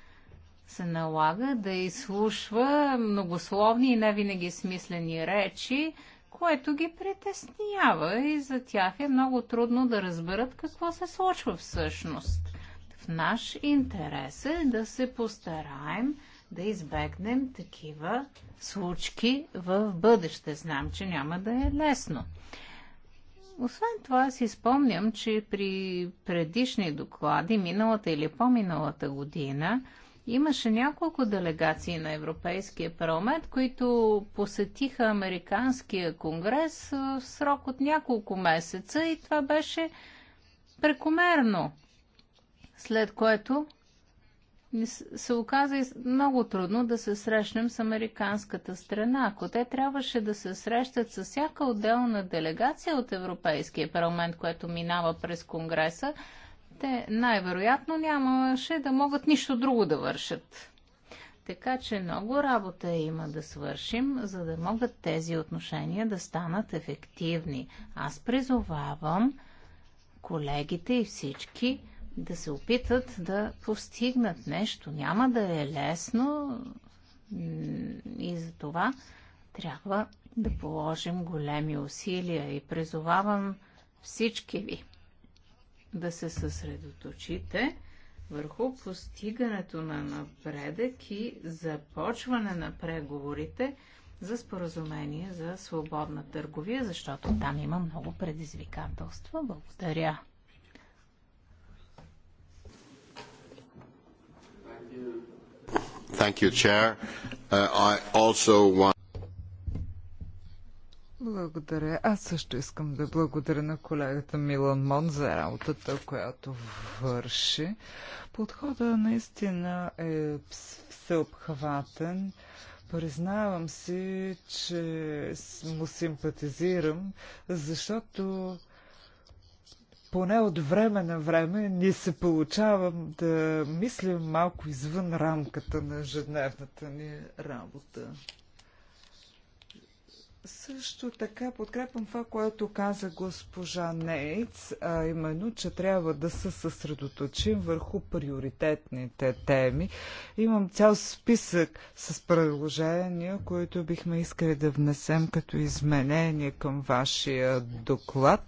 Speaker 3: се налага да изслушва многословни и не винаги смислени речи, което ги притеснява и за тях е много трудно да разберат какво се случва всъщност. В наш интерес е да се постараем да избегнем такива случки в бъдеще. Знам, че няма да е лесно. Освен това си спомням, че при предишни доклади, миналата или по-миналата година, имаше няколко делегации на Европейския парламент, които посетиха Американския конгрес в срок от няколко месеца и това беше прекомерно. След което се оказа много трудно да се срещнем с американската страна. Ако те трябваше да се срещат с всяка отделна делегация от Европейския парламент, което минава през Конгреса, те най-вероятно нямаше да могат нищо друго да вършат. Така че много работа има да свършим, за да могат тези отношения да станат ефективни. Аз призовавам колегите и всички да се опитат да постигнат нещо. Няма да е лесно и за това трябва да положим големи усилия и призовавам всички ви да се съсредоточите върху постигането на напредък и започване на преговорите за споразумение за свободна търговия, защото там има много предизвикателства. Благодаря.
Speaker 1: Thank you, Chair. Uh, I also want...
Speaker 2: Благодаря. Аз също искам да благодаря на колегата Милан Мон за работата, която върши. Подхода наистина е всеобхватен. Признавам си, че му симпатизирам, защото поне от време на време ни се получава да мислим малко извън рамката на ежедневната ни работа. Също така подкрепям това, което каза госпожа Нейц, а именно, че трябва да се съсредоточим върху приоритетните теми. Имам цял списък с предложения, които бихме искали да внесем като изменение към вашия доклад.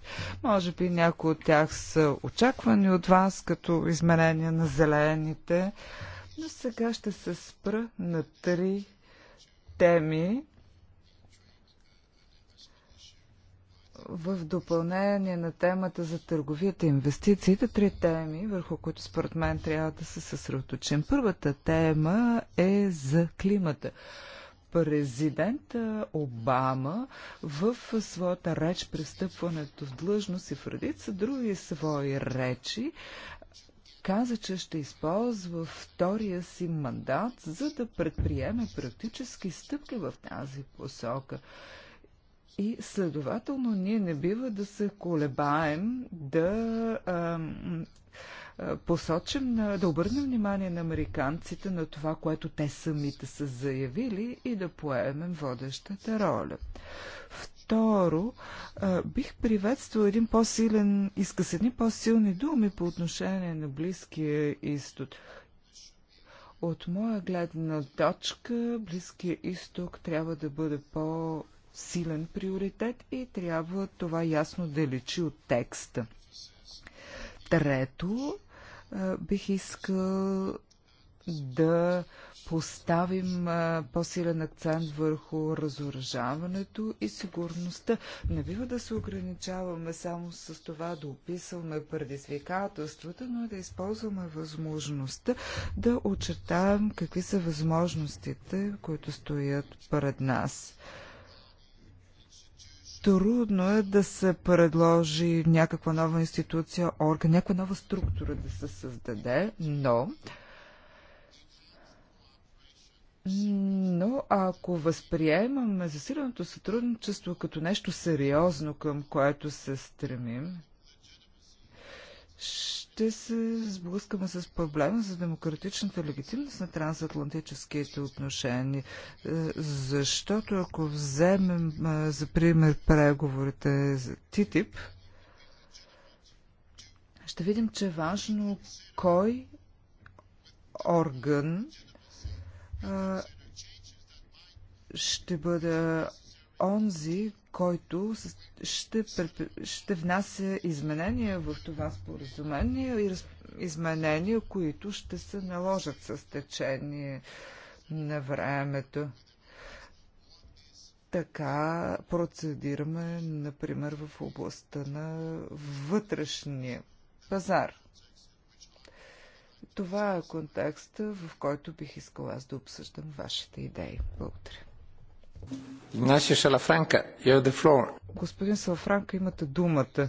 Speaker 2: Може би някои от тях са очаквани от вас като изменения на зелените, но сега ще се спра на три теми, в допълнение на темата за търговията и инвестициите, три теми, върху които според мен трябва да се съсредоточим. Първата тема е за климата. Президент Обама в своята реч при в длъжност и в редица други свои речи каза, че ще използва втория си мандат, за да предприеме практически стъпки в тази посока. И следователно ние не бива да се колебаем да а, а, посочим, на, да обърнем внимание на американците на това, което те самите са заявили и да поемем водещата роля. Второ, а, бих приветствал един по-силен се едни по-силни думи по отношение на Близкия изток. От моя гледна точка, Близкия изток трябва да бъде по- силен приоритет и трябва това ясно да лечи от текста. Трето, бих искал да поставим по-силен акцент върху разоръжаването и сигурността. Не бива да се ограничаваме само с това да описваме предизвикателствата, но да използваме възможността да очертаем какви са възможностите, които стоят пред нас. Трудно е да се предложи някаква нова институция, орган, някаква нова структура да се създаде, но но ако възприемаме засиленото сътрудничество като нещо сериозно, към което се стремим, ще се сблъскаме с проблема за демократичната легитимност на трансатлантическите отношения. Е, защото ако вземем е, за пример преговорите за ТИТИП, ще видим, че е важно кой орган е, ще бъде онзи, който ще, ще внася изменения в това споразумение и изменения, които ще се наложат с течение на времето. Така процедираме, например, в областта на вътрешния пазар. Това е контекста, в който бих искала аз да обсъждам вашите идеи. Благодаря. Господин Салафранка, имате думата.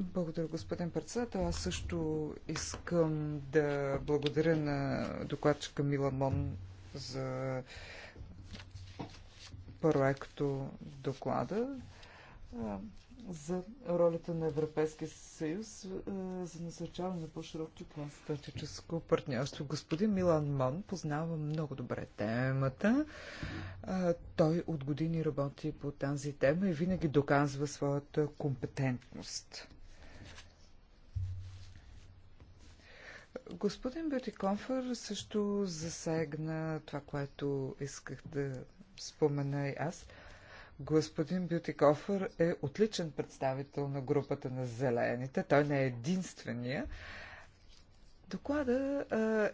Speaker 2: Благодаря, господин председател. Аз също искам да благодаря на докладчика Мила Мон за проекто доклада за ролята на Европейския съюз е, за насърчаване на по-широко трансатлантическо партньорство. Господин Милан Мон познава много добре темата. Той от години работи по тази тема и винаги доказва своята компетентност. Господин Бютиконфър също засегна това, което исках да спомена и аз – Господин Бютикофър е отличен представител на групата на зелените. Той не е единствения. Доклада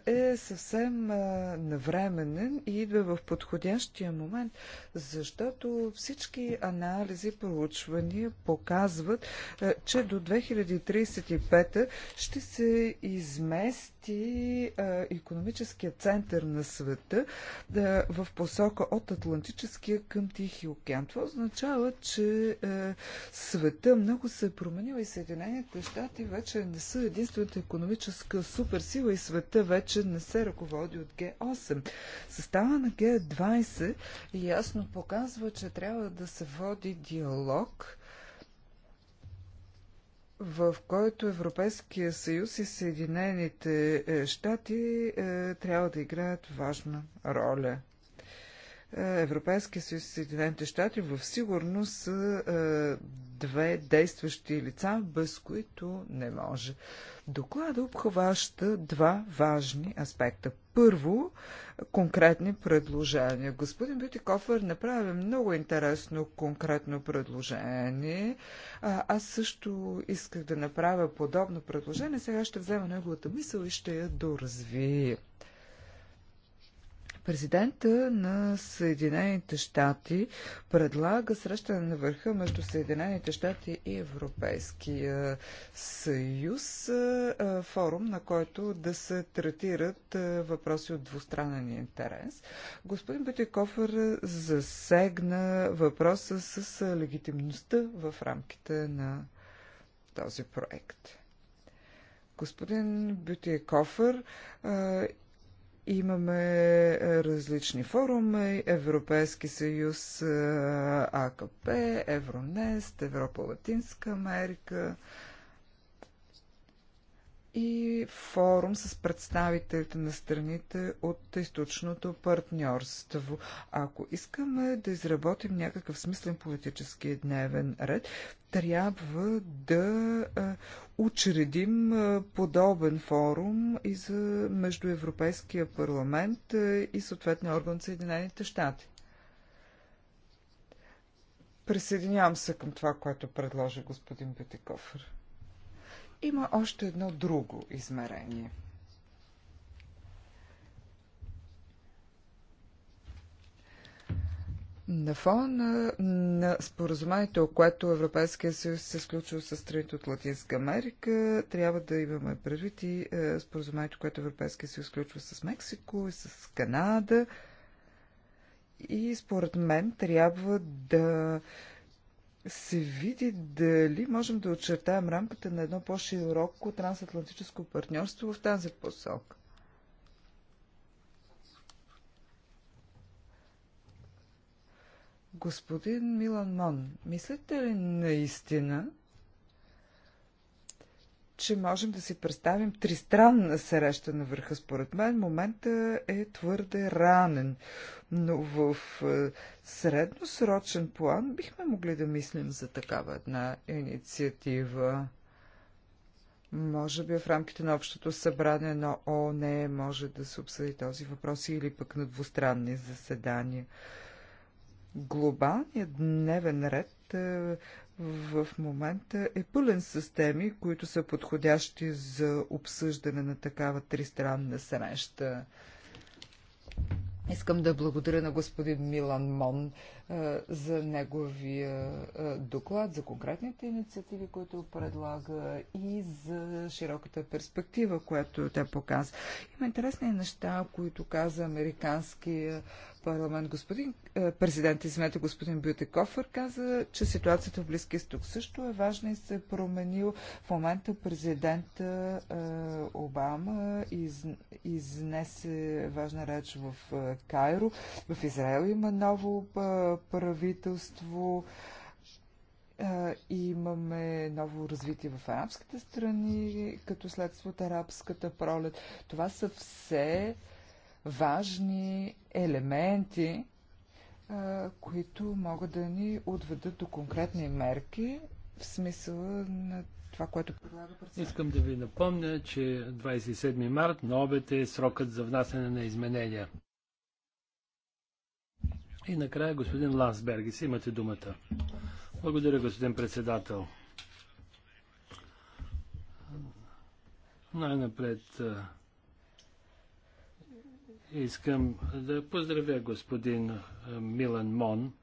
Speaker 2: а, е съвсем а, навременен и идва в подходящия момент, защото всички анализи, проучвания показват, а, че до 2035 ще се измести части а, економическия център на света да, в посока от Атлантическия към Тихи океан. Това означава, че а, света много се е променил и Съединените щати вече не са единствената економическа суперсила и света вече не се ръководи от Г8. Състава на Г20 ясно показва, че трябва да се води диалог в който Европейския съюз и Съединените е, щати е, трябва да играят важна роля. Е, Европейския съюз и Съединените щати в сигурност са две действащи лица, без които не може. Доклада обхваща два важни аспекта. Първо, конкретни предложения. Господин Бютикофър направи много интересно конкретно предложение. А, аз също исках да направя подобно предложение. Сега ще взема неговата мисъл и ще я доразвия. Президента на Съединените щати предлага срещане на върха между Съединените щати и Европейския съюз, форум, на който да се третират въпроси от двустранен интерес. Господин Бетикофер засегна въпроса с легитимността в рамките на този проект. Господин Бютикофър Имаме е, различни форуми, Европейски съюз, е, АКП, Евронест, Европа Латинска Америка, и форум с представителите на страните от източното партньорство. Ако искаме да изработим някакъв смислен политически дневен ред, трябва да учредим подобен форум и за между Европейския парламент и съответния орган Съединените щати. Присъединявам се към това, което предложи господин Бетикофер. Има още едно друго измерение. На фона на споразумението, което Европейския съюз се сключил с страните от Латинска Америка, трябва да имаме предвид и е, споразумението, което Европейския съюз сключва с Мексико и с Канада. И според мен трябва да се види дали можем да очертаем рамката на едно по-широко трансатлантическо партньорство в тази посока. Господин Милан Мон, мислите ли наистина, че можем да си представим тристранна среща на върха. Според мен момента е твърде ранен, но в е, средносрочен план бихме могли да мислим за такава една инициатива. Може би в рамките на общото събрание на ОНЕ може да се обсъди този въпрос или пък на двустранни заседания. Глобалният дневен ред е, в момента е пълен с теми, които са подходящи за обсъждане на такава тристранна среща. Искам да благодаря на господин Милан Мон е, за неговия е, доклад, за конкретните инициативи, които предлага и за широката перспектива, която те показва. Има интересни неща, които каза американския парламент. Господин е, президент, извинете, господин Бютекофър каза, че ситуацията в Близки изток също е важна и се е променил. В момента президент Обама из, изнесе важна реч в Кайро. В Израел има ново правителство. Имаме ново развитие в арабските страни, като следство от арабската пролет. Това са все важни елементи, които могат да ни отведат до конкретни мерки в смисъл на това, което предлага
Speaker 1: председател. Искам да ви напомня, че 27 март на обед е срокът за внасяне на изменения. И накрая господин Ласбергис, имате думата. Благодаря, господин председател. Най-напред искам да поздравя господин Милан Мон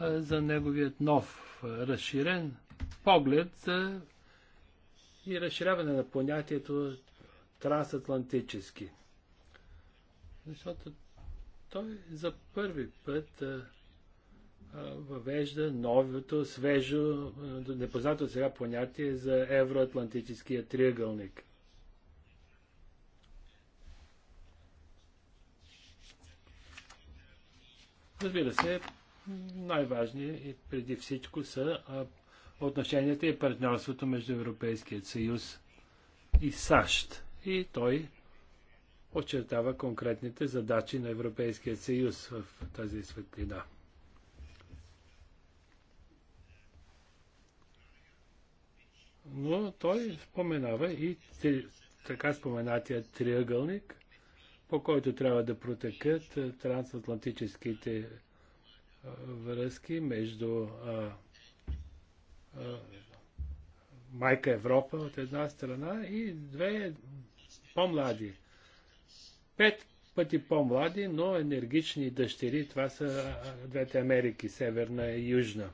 Speaker 1: за неговият нов, разширен поглед и разширяване на понятието трансатлантически. Защото той за първи път а, а, въвежда новото, свежо, непознато сега понятие за евроатлантическия триъгълник. Разбира се, най-важни и преди всичко са а, отношенията и партньорството между Европейският съюз и САЩ. И той очертава конкретните задачи на Европейския съюз в тази светлина. Но той споменава и така споменатия триъгълник, по който трябва да протекат трансатлантическите връзки между а, а, майка Европа от една страна и две по-млади Пет пъти по-млади, но енергични дъщери. Това са двете Америки, Северна и Южна.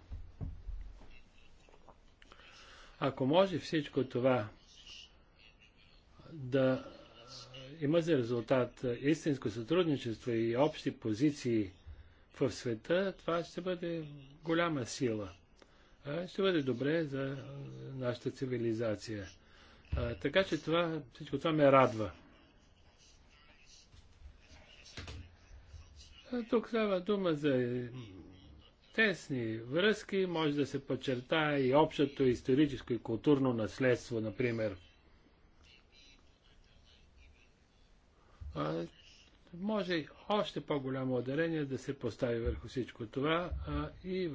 Speaker 1: Ако може всичко това да има за резултат истинско сътрудничество и общи позиции в света, това ще бъде голяма сила. Ще бъде добре за нашата цивилизация. Така че това, всичко това ме радва. Тук става дума за тесни връзки, може да се подчертае и общото историческо и културно наследство, например. А, може още по-голямо ударение да се постави върху всичко това а, и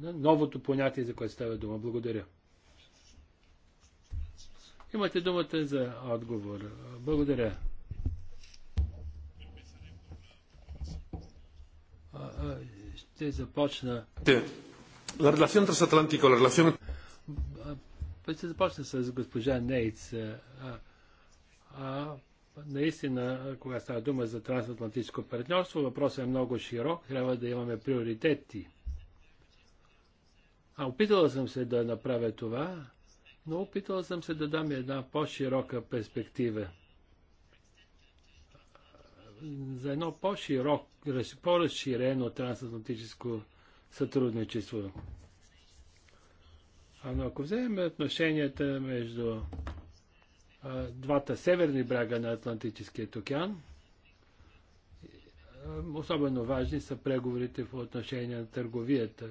Speaker 1: на новото понятие, за което става дума. Благодаря. Имате думата за отговор. Благодаря. ще започна.
Speaker 4: La relación transatlántica, la relación...
Speaker 1: Ще започна с госпожа Нейц. А, а, наистина, кога става дума за трансатлантическо партньорство, въпросът е много широк, трябва да имаме приоритети. А опитала съм се да направя това, но опитала съм се да дам една по-широка перспектива за едно по-широк, по-разширено трансатлантическо сътрудничество. Но ако вземем отношенията между а, двата северни брага на Атлантическия океан, особено важни са преговорите по отношение на търговията.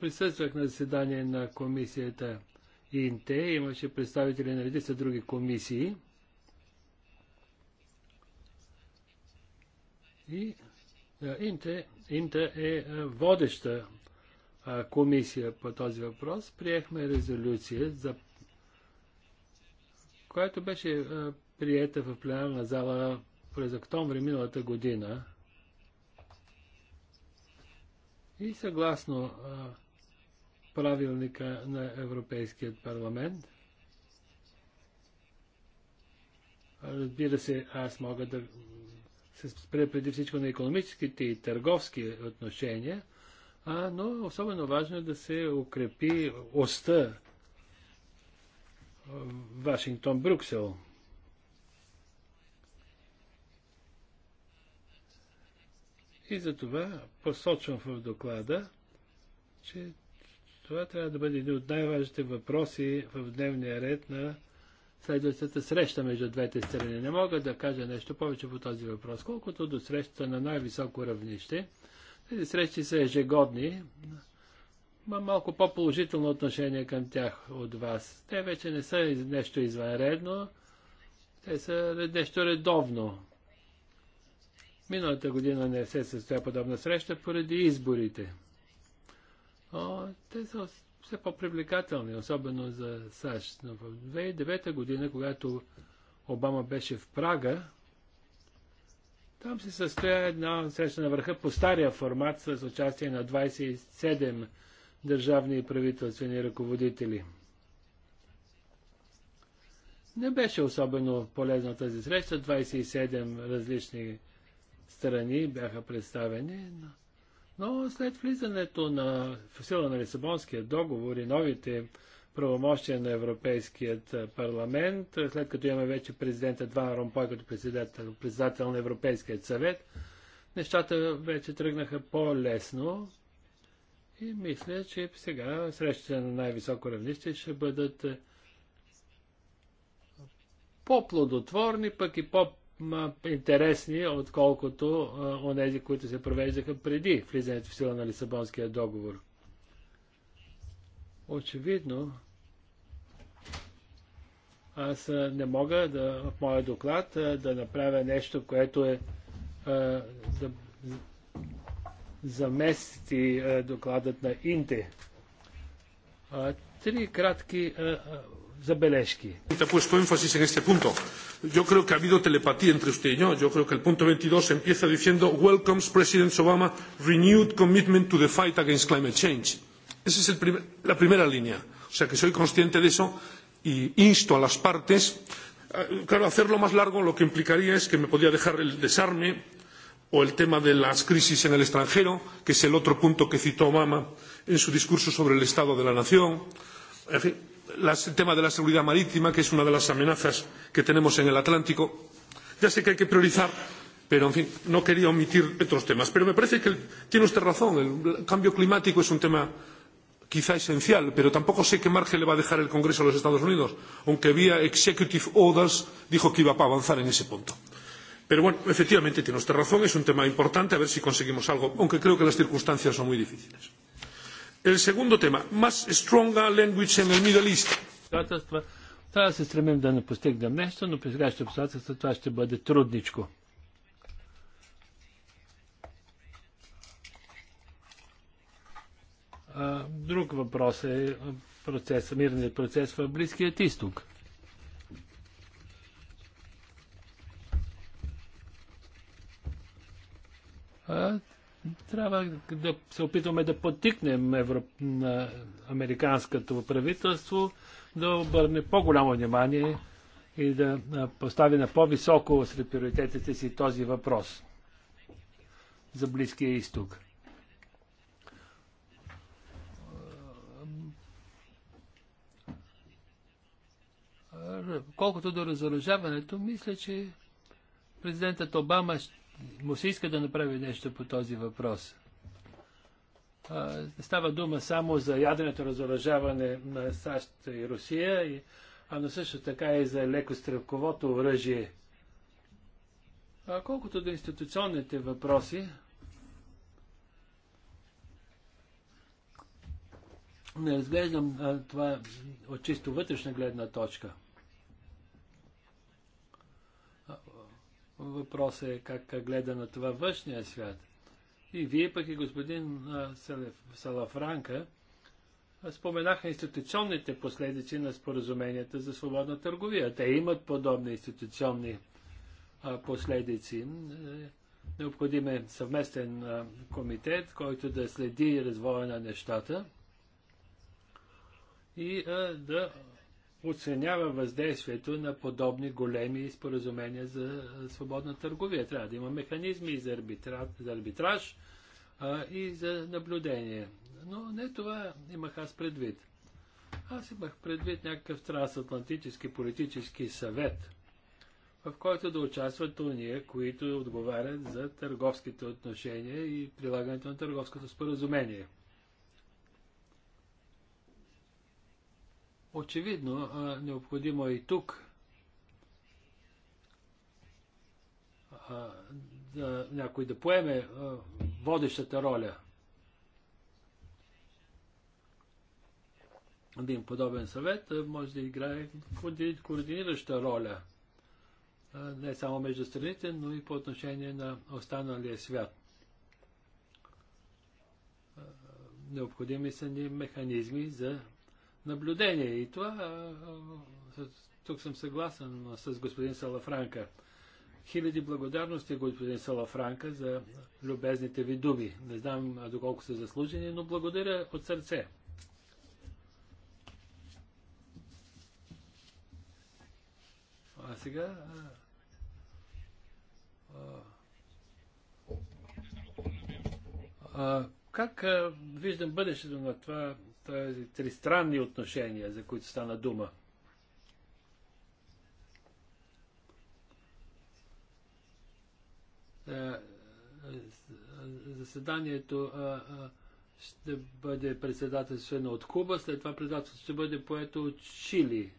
Speaker 1: присъствах на заседание на комисията ИНТЕ, имаше представители на редица други комисии. И ИНТЕ, ИНТЕ е водеща комисия по този въпрос. Приехме резолюция, за, която беше приета в пленарна зала през октомври миналата година и съгласно а, правилника на Европейският парламент, разбира се, аз мога да се спре преди всичко на економическите и търговски отношения, а, но особено важно е да се укрепи оста Вашингтон-Брюксел. И затова посочвам в доклада, че това трябва да бъде един от най-важните въпроси в дневния ред на следващата среща между двете страни. Не мога да кажа нещо повече по този въпрос, колкото до срещата на най-високо равнище. Тези срещи са ежегодни. Има малко по-положително отношение към тях от вас. Те вече не са нещо извънредно, те са нещо редовно. Миналата година не се състоя подобна среща поради изборите. О, те са все по-привлекателни, особено за САЩ. Но в 2009 година, когато Обама беше в Прага, там се състоя една среща на върха по стария формат с участие на 27 държавни и правителствени ръководители. Не беше особено полезна тази среща, 27 различни страни бяха представени, но след влизането на, в сила на Лисабонския договор и новите правомощия на Европейският парламент, след като имаме вече президента Дван Ромпой като председател, председател на Европейският съвет, нещата вече тръгнаха по-лесно и мисля, че сега срещите на най-високо равнище ще бъдат по-плодотворни, пък и по интересни, отколкото онези, които се провеждаха преди влизането в сила на Лисабонския договор. Очевидно, аз не мога да, в моя доклад да направя нещо, което е да замести докладът на Инте. Три кратки забележки.
Speaker 4: puesto énfasis en este punto. Yo creo que ha habido telepatía entre usted y yo. Yo creo que el punto 22 empieza diciendo welcomes President Obama renewed commitment to the fight against climate change. Esa es el primer, la primera línea. O sea que soy consciente de eso y insto a las partes. Claro, hacerlo más largo lo que implicaría es que me podía dejar el desarme o el tema de las crisis en el extranjero, que es el otro punto que citó Obama en su discurso sobre el Estado de la Nación. En fin, el tema de la seguridad marítima, que es una de las amenazas que tenemos en el Atlántico. Ya sé que hay que priorizar, pero en fin, no quería omitir otros temas. Pero me parece que tiene usted razón, el cambio climático es un tema quizá esencial, pero tampoco sé qué margen le va a dejar el Congreso a los Estados Unidos, aunque vía executive orders dijo que iba a avanzar en ese punto. Pero bueno, efectivamente tiene usted razón, es un tema importante, a ver si conseguimos algo, aunque creo que las circunstancias son muy difíciles. El segundo tema, más stronger language in the Middle East. Трябва
Speaker 1: да се стремим да не постигнем нещо, но при сегашните обстоятелства това ще бъде трудничко. Друг въпрос е процес, мирният процес в Близкият изток. Трябва да се опитваме да потикнем евро... на американското правителство да обърне по-голямо внимание и да постави на по-високо сред приоритетите си този въпрос за Близкия изток. Колкото до разоръжаването, мисля, че президентът Обама му се иска да направи нещо по този въпрос. А, става дума само за ядреното разоръжаване на САЩ и Русия, и, а но също така и за леко стрелковото оръжие. А, колкото до институционните въпроси, не разглеждам това от чисто вътрешна гледна точка. Въпросът е как гледа на това външния свят. И вие пък и господин Салафранка споменаха институционните последици на споразуменията за свободна търговия. Те имат подобни институционни последици. Е, необходим е съвместен комитет, който да следи развоя на нещата и да оценява въздействието на подобни големи споразумения за свободна търговия. Трябва да има механизми за, арбитра... за арбитраж а, и за наблюдение. Но не това имах аз предвид. Аз имах предвид някакъв трансатлантически политически съвет, в който да участват уния, които отговарят за търговските отношения и прилагането на търговското споразумение – Очевидно, необходимо е и тук да, някой да поеме водещата роля. Един подобен съвет може да играе координираща роля. Не само между страните, но и по отношение на останалия свят. Необходими са ни механизми за наблюдение. И това, тук съм съгласен с господин Салафранка. Хиляди благодарности, господин Салафранка, за любезните ви думи. Не знам доколко са заслужени, но благодаря от сърце. А сега... А, а, как а, виждам бъдещето на това тези тристранни отношения, за които стана дума. Е, заседанието е, е, ще бъде председателствено от Куба, след това председателството ще бъде поето от Чили.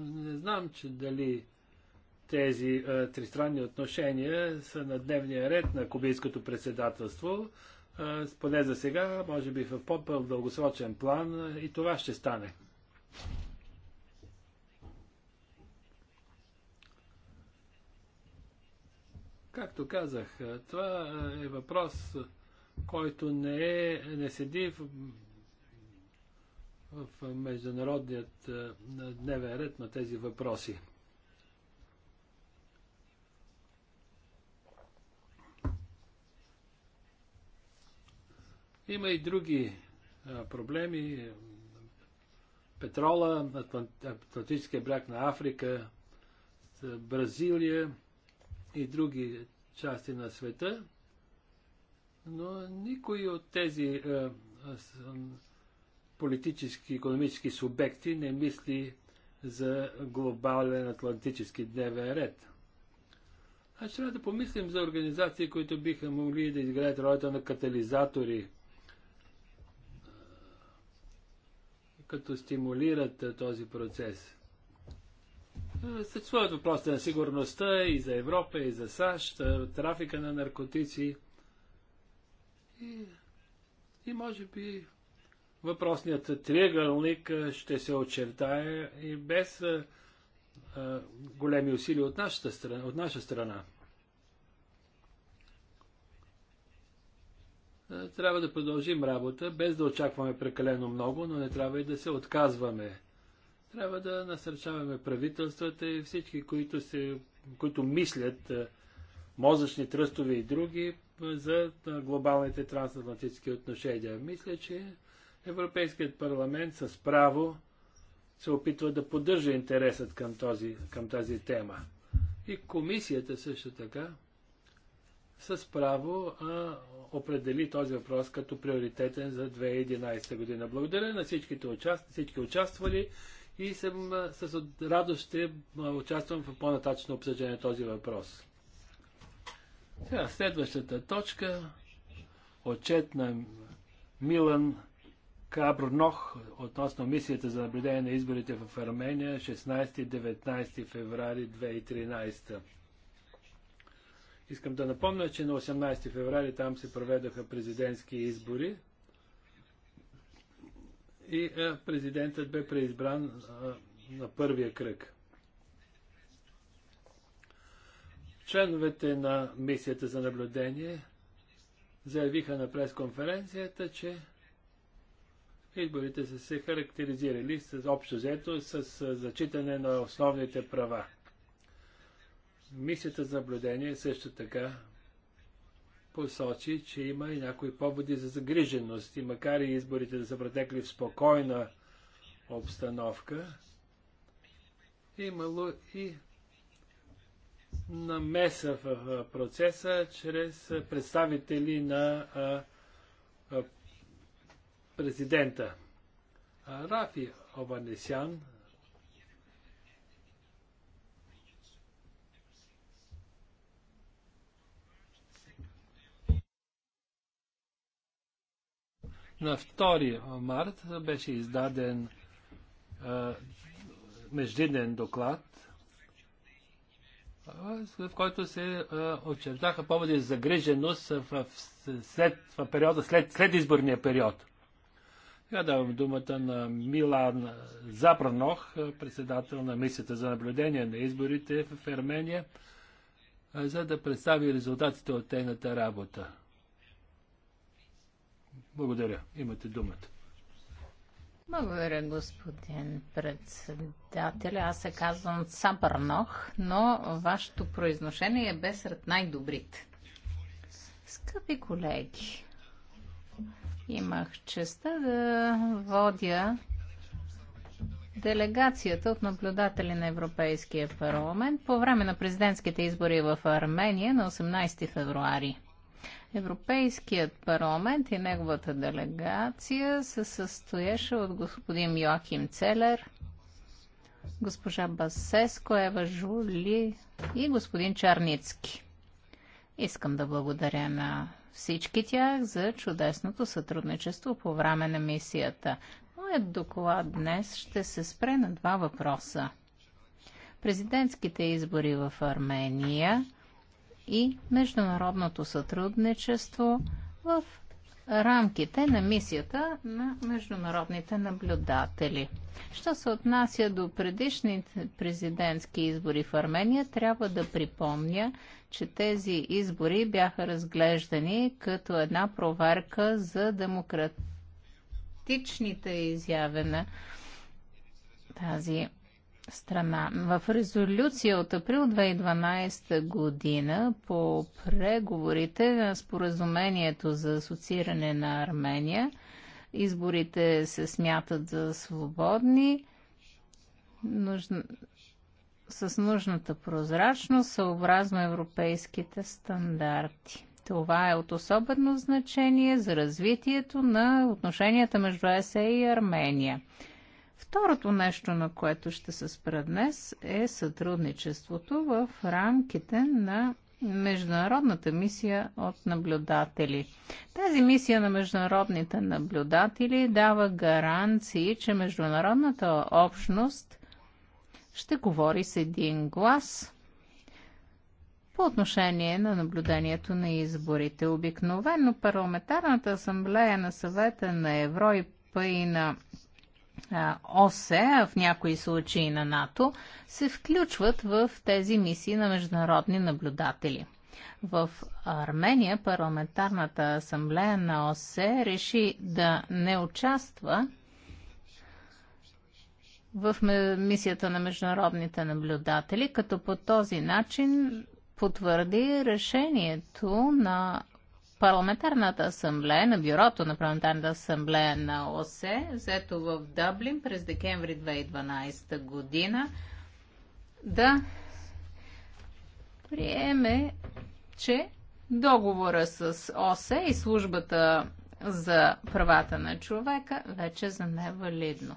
Speaker 1: Не знам, че дали тези а, тристранни отношения са на дневния ред на кубийското председателство. А, поне за сега, може би в по-дългосрочен план и това ще стане. Както казах, това е въпрос, който не, е, не седи в, в международният дневен ред на тези въпроси. Има и други проблеми. Петрола, Атлантическия бряг на Африка, Бразилия и други части на света. Но никой от тези политически, економически субекти не мисли за глобален атлантически дневен ред. А ще трябва да помислим за организации, които биха могли да изградят ролята на катализатори като стимулират този процес. Съществуват въпросите на сигурността и за Европа, и за САЩ, трафика на наркотици. И, и може би въпросният триъгълник ще се очертае и без а, големи усилия от, нашата страна, от наша страна. Е, трябва да продължим работа, без да очакваме прекалено много, но не трябва и да се отказваме. Трябва да насърчаваме правителствата и всички, които, се, които мислят, е, мозъчни тръстове и други, е, за глобалните трансатлантически отношения. Мисля, че Европейският парламент с право се опитва да поддържа интересът към, този, към тази тема. И комисията също така с право а, определи този въпрос като приоритетен за 2011 година. Благодаря на всичките участ... всички участвали и съм а, с радост ще участвам в по-нататъчно обсъждане на този въпрос. Сега следващата точка. Отчет на Милан Кабрнох относно мисията за наблюдение на изборите в Армения 16-19 феврари 2013. Искам да напомня, че на 18 феврали там се проведоха президентски избори и е, президентът бе преизбран е, на първия кръг. Членовете на мисията за наблюдение заявиха на пресконференцията, че изборите са се характеризирали с общо взето с е, зачитане на основните права. Мисията за наблюдение също така посочи, че има и някои поводи за загриженост и макар и изборите да са протекли в спокойна обстановка, имало и намеса в процеса чрез представители на президента. Рафи Обанесян На 2 март беше издаден а, междинен доклад, в който се очертаха поводи за загриженост в, след, в периода, след, след изборния период. Сега давам думата на Милан Запранох, председател на мисията за наблюдение на изборите в Ермения, за да представи резултатите от тейната работа. Благодаря. Имате думата.
Speaker 3: Благодаря, господин председател. Аз се казвам Сабърнох, но вашето произношение е бе сред най-добрите. Скъпи колеги, имах честа да водя делегацията от наблюдатели на Европейския парламент по време на президентските избори в Армения на 18 февруари. Европейският парламент и неговата делегация се състояше от господин Йоаким Целер, госпожа Басеско, Ева Жули и господин Чарницки. Искам да благодаря на всички тях за чудесното сътрудничество по време на мисията. Моят доклад днес ще се спре на два въпроса. Президентските избори в Армения – и международното сътрудничество в рамките на мисията на международните наблюдатели. Що се отнася до предишните президентски избори в Армения, трябва да припомня, че тези избори бяха разглеждани като една проверка за демократичните изяви на тази страна. В резолюция от април 2012 година по преговорите на споразумението за асоцииране на Армения, изборите се смятат за свободни, нужна, с нужната прозрачност, съобразно европейските стандарти. Това е от особено значение за развитието на отношенията между ЕСЕ и Армения. Второто нещо, на което ще се спра днес, е сътрудничеството в рамките на Международната мисия от наблюдатели. Тази мисия на международните наблюдатели дава гаранции, че международната общност ще говори с един глас по отношение на наблюдението на изборите. Обикновено парламентарната асамблея на съвета на Европа и на ОСЕ, а в някои случаи на НАТО, се включват в тези мисии на международни наблюдатели. В Армения парламентарната асамблея на ОСЕ реши да не участва в мисията на международните наблюдатели, като по този начин потвърди решението на парламентарната асамблея, на бюрото на парламентарната асамблея на ОСЕ, взето в Дъблин през декември 2012 година, да приеме, че договора с ОСЕ и службата за правата на човека вече за невалидно.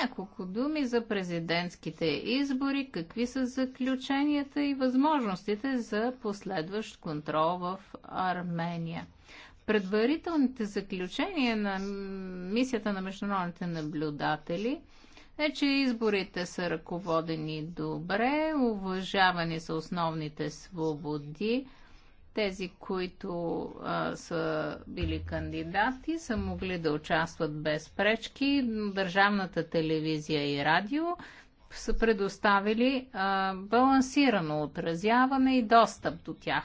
Speaker 3: Няколко думи за президентските избори, какви са заключенията и възможностите за последващ контрол в Армения. Предварителните заключения на мисията на международните наблюдатели е, че изборите са ръководени добре, уважавани са основните свободи, тези, които а, са били кандидати, са могли да участват без пречки. Държавната телевизия и радио са предоставили а, балансирано отразяване и достъп до тях.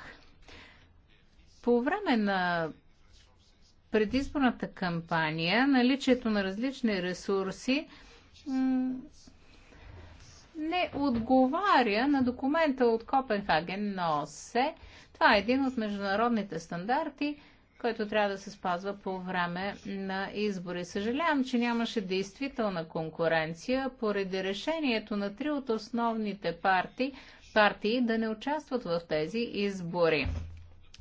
Speaker 3: По време на предизборната кампания, наличието на различни ресурси не отговаря на документа от Копенхаген, но се това е един от международните стандарти, който трябва да се спазва по време на избори. Съжалявам, че нямаше действителна конкуренция поради решението на три от основните партии, партии да не участват в тези избори.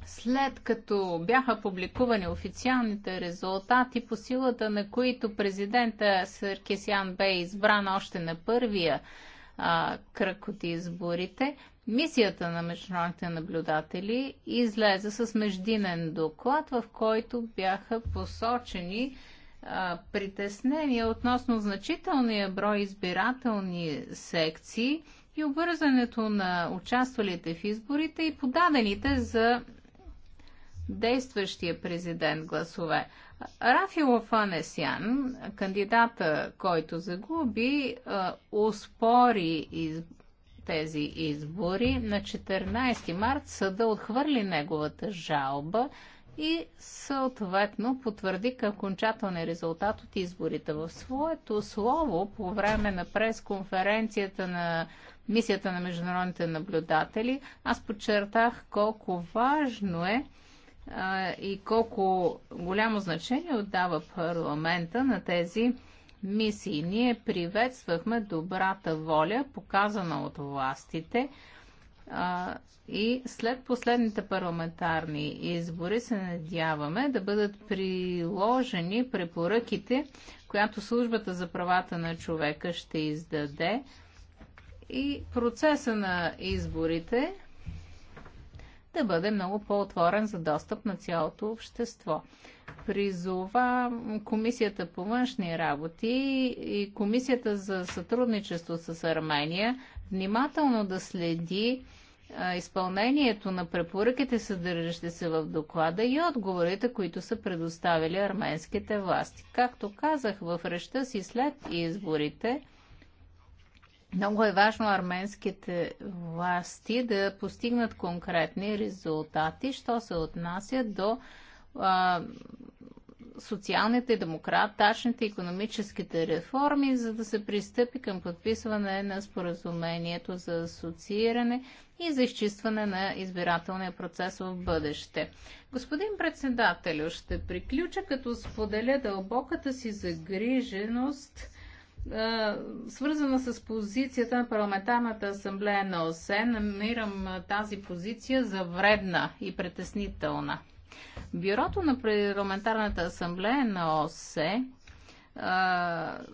Speaker 3: След като бяха публикувани официалните резултати, по силата на които президента Саркисян бе избран още на първия а, кръг от изборите, Мисията на международните наблюдатели излезе с междинен доклад, в който бяха посочени а, притеснения относно значителния брой избирателни секции и обвързането на участвалите в изборите и подадените за действащия президент гласове. Рафил Фанесян, кандидата, който загуби, успори из тези избори. На 14 март съда отхвърли неговата жалба и съответно потвърди окончателен резултат от изборите. В своето слово по време на пресконференцията на мисията на международните наблюдатели, аз подчертах колко важно е а, и колко голямо значение отдава парламента на тези мисии. Ние приветствахме добрата воля, показана от властите, а, и след последните парламентарни избори се надяваме да бъдат приложени препоръките, която службата за правата на човека ще издаде и процеса на изборите да бъде много по-отворен за достъп на цялото общество призова Комисията по външни работи и Комисията за сътрудничество с Армения внимателно да следи изпълнението на препоръките, съдържащи се в доклада и отговорите, които са предоставили арменските власти. Както казах в реща си след изборите, много е важно арменските власти да постигнат конкретни резултати, що се отнася до социалните, демократичните, економическите реформи, за да се пристъпи към подписване на споразумението за асоцииране и за изчистване на избирателния процес в бъдеще. Господин председател, ще приключа като споделя дълбоката си загриженост свързана с позицията на Парламентарната асамблея на ОСЕ, намирам тази позиция за вредна и притеснителна. Бюрото на парламентарната асамблея на ОСЕ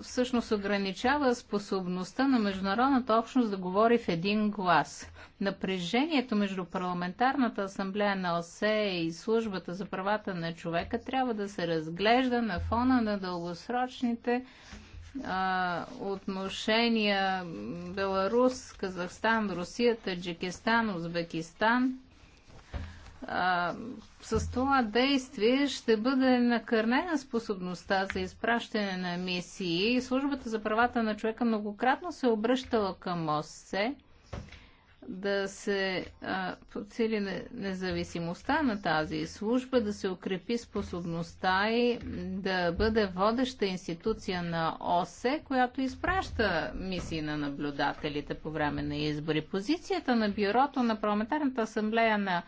Speaker 3: всъщност ограничава способността на международната общност да говори в един глас. Напрежението между Парламентарната асамблея на ОСЕ и Службата за правата на човека трябва да се разглежда на фона на дългосрочните а, отношения Беларус, Казахстан, Русия, Таджикистан, Узбекистан – а, с това действие ще бъде накърнена способността за изпращане на мисии. Службата за правата на човека многократно се е обръщала към ОССЕ да се а, подсили независимостта на тази служба, да се укрепи способността и да бъде водеща институция на ОСЕ, която изпраща мисии на наблюдателите по време на избори. Позицията на бюрото на Парламентарната асамблея на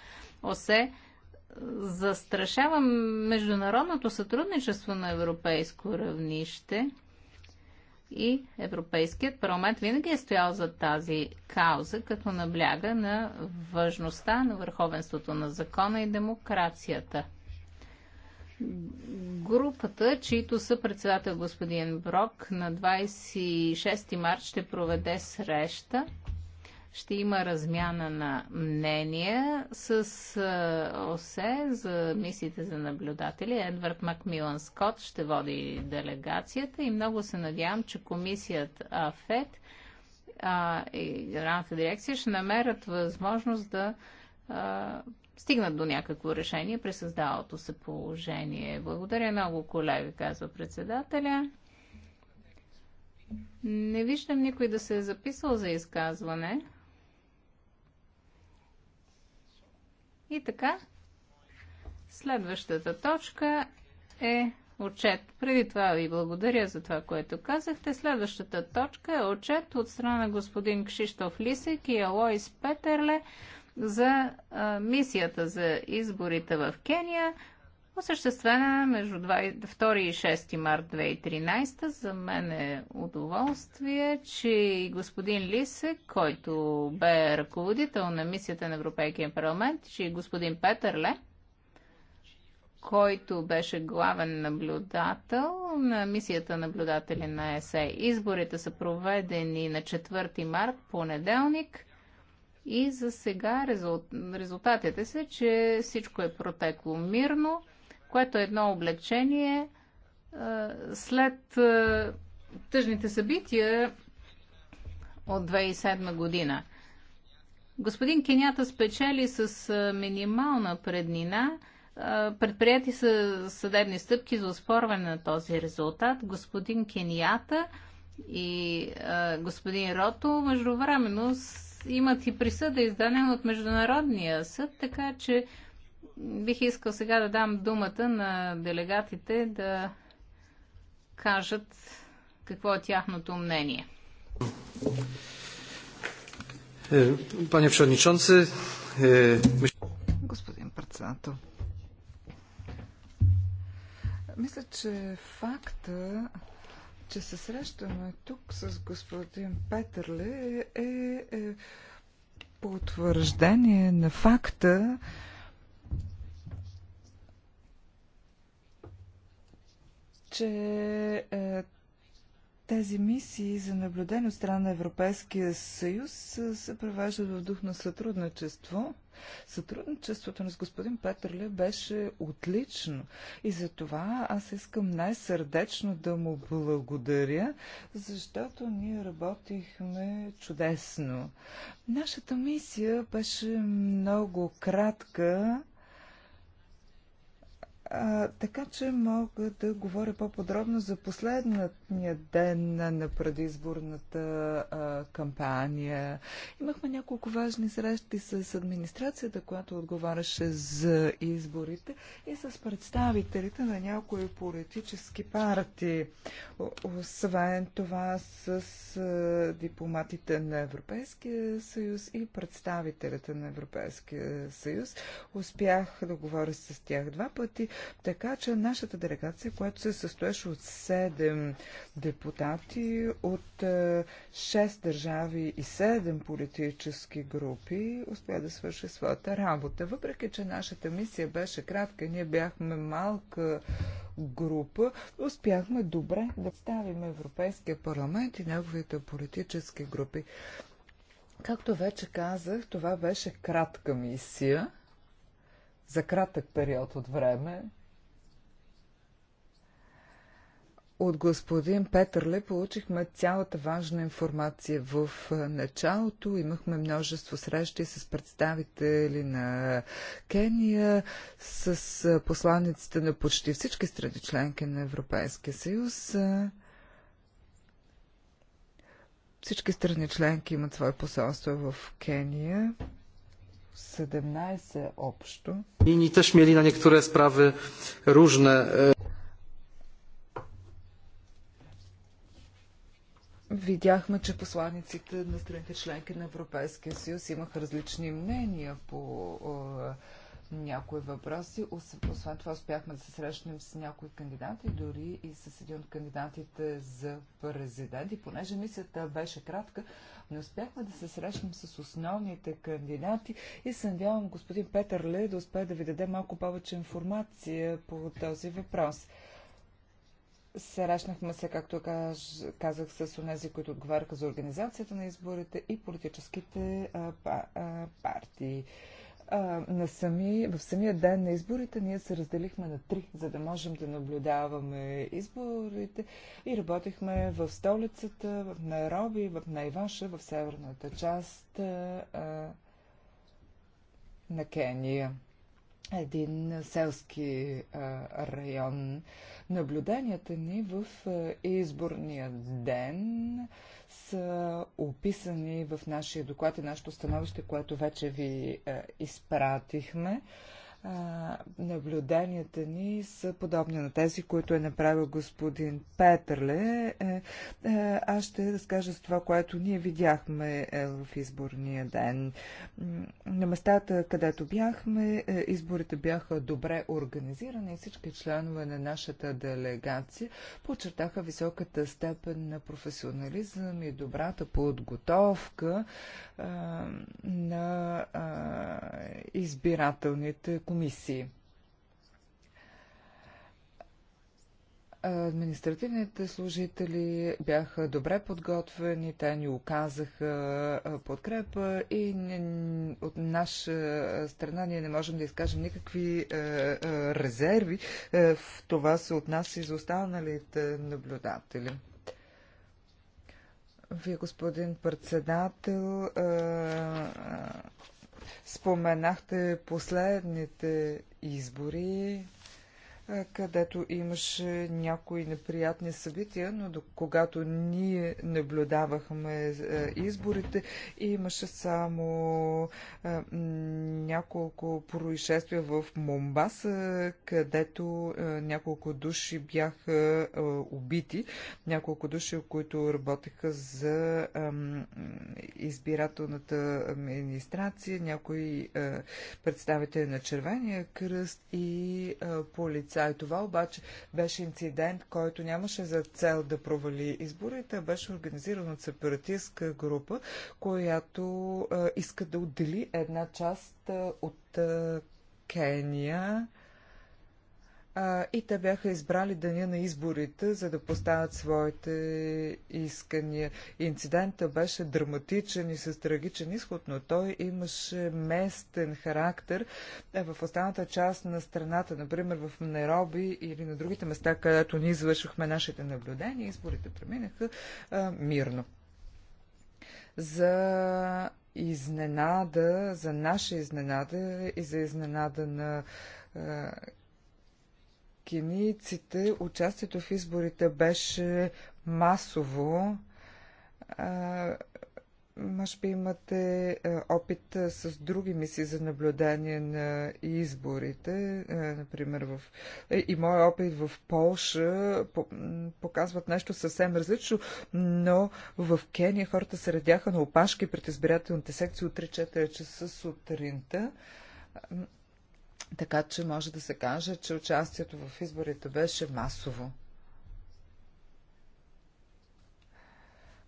Speaker 3: ОСЕ застрашава международното сътрудничество на европейско равнище и Европейският парламент винаги е стоял за тази кауза, като набляга на важността на върховенството на закона и демокрацията. Групата, чието председател е господин Брок на 26 март ще проведе среща ще има размяна на мнения с ОСЕ за мисиите за наблюдатели. Едвард Макмилан Скот ще води делегацията и много се надявам, че комисията АФЕД а, и Генералната дирекция ще намерят възможност да а, стигнат до някакво решение при създалото се положение. Благодаря много, колеги, казва председателя. Не виждам никой да се е записал за изказване. И така, следващата точка е отчет. Преди това ви благодаря за това, което казахте. Следващата точка е отчет от страна на господин Кшиштоф Лисек и Алоис Петерле за а, мисията за изборите в Кения, осъществена между 2 и 6 март 2013. За мен е удоволствие, че и господин Лисек, който бе ръководител на мисията на Европейския парламент, че и господин Петърле, който беше главен наблюдател на мисията наблюдатели на ЕСЕ. Изборите са проведени на 4 март, понеделник – и за сега резултатите са, че всичко е протекло мирно което е едно облегчение. След тъжните събития от 2007 година. Господин Кенята спечели с минимална преднина. Предприяти са съдебни стъпки за оспорване на този резултат. Господин Кенията и господин Рото междувременно имат и присъда, издадена от Международния съд, така че бих искал сега да дам думата на делегатите да кажат какво е тяхното мнение.
Speaker 2: Е, пане Przewodniczący, е, господин председател. Мисля, че факта, че се срещаме тук с господин Петърле е, е, е потвърждение на факта, че е, тези мисии за наблюдение от страна на Европейския съюз е, се превеждат в дух на сътрудничество. Сътрудничеството ни с господин Петърле беше отлично и за това аз искам най-сърдечно да му благодаря, защото ние работихме чудесно. Нашата мисия беше много кратка а, така че мога да говоря по-подробно за последния ден на, на предизборната а, кампания. Имахме няколко важни срещи с администрацията, която отговаряше за изборите и с представителите на някои политически партии. Освен това с а, дипломатите на Европейския съюз и представителите на Европейския съюз. Успях да говоря с тях два пъти така че нашата делегация, която се състоеше от 7 депутати от 6 е, държави и 7 политически групи, успя да свърши своята работа. Въпреки, че нашата мисия беше кратка, ние бяхме малка група, успяхме добре да ставим Европейския парламент и неговите политически групи. Както вече казах, това беше кратка мисия за кратък период от време. От господин Петърле получихме цялата важна информация в началото. Имахме множество срещи с представители на Кения, с посланиците на почти всички страни членки на Европейския съюз. Всички страни членки имат свое посолство в Кения. 17 общо. Inni też mieli na niektóre sprawy różne. Видяхме, че посланиците на страните членки на Европейския съюз имаха различни мнения по е, някои въпроси. Освен това успяхме да се срещнем с някои кандидати, дори и с един от кандидатите за президент. И понеже мисията беше кратка, не успяхме да се срещнем с основните кандидати и се надявам господин Петър Ле да успее да ви даде малко повече информация по този въпрос. Срещнахме се, както казах, с онези, които отговаряха за организацията на изборите и политическите а, а, партии а, на сами, в самия ден на изборите ние се разделихме на три, за да можем да наблюдаваме изборите и работихме в столицата, в Найроби, в Найваша, в северната част а, на Кения един селски район. Наблюденията ни в изборния ден са описани в нашия доклад и нашето становище, което вече ви изпратихме наблюденията ни са подобни на тези, които е направил господин Петърле. Е, е, аз ще разкажа с това, което ние видяхме е, в изборния ден. На местата, където бяхме, изборите бяха добре организирани и всички членове на нашата делегация подчертаха високата степен на професионализъм и добрата подготовка на избирателните комисии комисии. Административните служители бяха добре подготвени, те ни оказаха подкрепа и от наша страна ние не можем да изкажем никакви резерви. В това се отнася и за останалите наблюдатели. Вие, господин председател, Споменахте последните избори където имаше някои неприятни събития, но до, когато ние наблюдавахме изборите, имаше само а, няколко происшествия в Момбаса, където а, няколко души бяха а, убити, няколко души, които работеха за избирателната администрация, някои представители на Червения кръст и полицията лица. И това обаче беше инцидент, който нямаше за цел да провали изборите, беше организиран от сепаратистка група, която а, е, иска да отдели една част а, е, от а, е, Кения а, и те бяха избрали деня на изборите, за да поставят своите искания. Инцидентът беше драматичен и с трагичен изход, но той имаше местен характер. В останата част на страната, например в Нероби или на другите места, където ние извършихме нашите наблюдения, изборите преминаха а, мирно. За изненада, за наша изненада и за изненада на а, кенийците участието в изборите беше масово. А, може би имате опит с други мисии за наблюдение на изборите, например в... Е, и моя опит в Полша показват нещо съвсем различно, но в Кения хората се радяха на опашки пред избирателните секции от 3-4 часа сутринта. Така че може да се каже, че участието в изборите беше масово.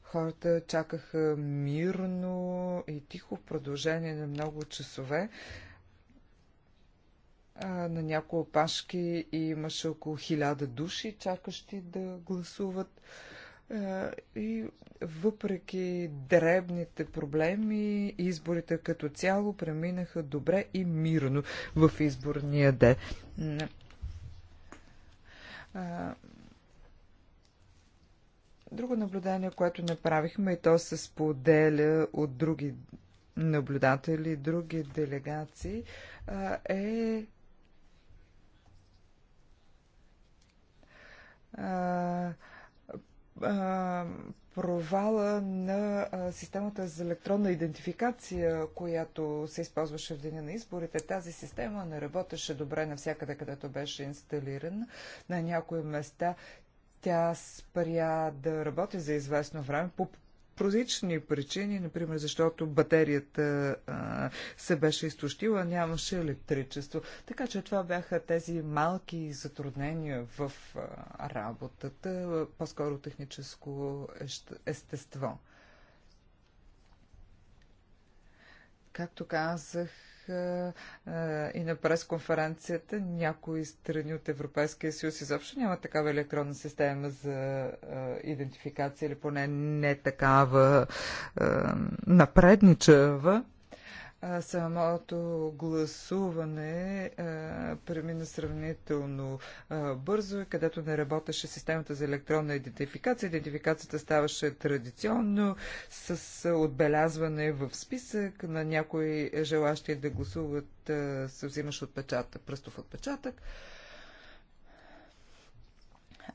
Speaker 2: Хората чакаха мирно и тихо в продължение на много часове. На някои опашки имаше около хиляда души, чакащи да гласуват. И въпреки дребните проблеми, изборите като цяло преминаха добре и мирно в изборния ден. Друго наблюдение, което направихме и то се споделя от други наблюдатели, други делегации, е а, провала на системата за електронна идентификация, която се използваше в деня на изборите. Тази система не работеше добре навсякъде, където беше инсталирана. На някои места тя спря да работи за известно време по прозични причини, например, защото батерията а, се беше изтощила, нямаше електричество. Така че това бяха тези малки затруднения в а, работата, по-скоро техническо естество. Както казах, и на пресконференцията някои страни от Европейския съюз изобщо няма такава електронна система за идентификация или поне не такава напредничава самото гласуване премина сравнително бързо, където не работеше системата за електронна идентификация. Идентификацията ставаше традиционно с отбелязване в списък на някои желащи да гласуват се взимаш отпечатък, пръстов отпечатък.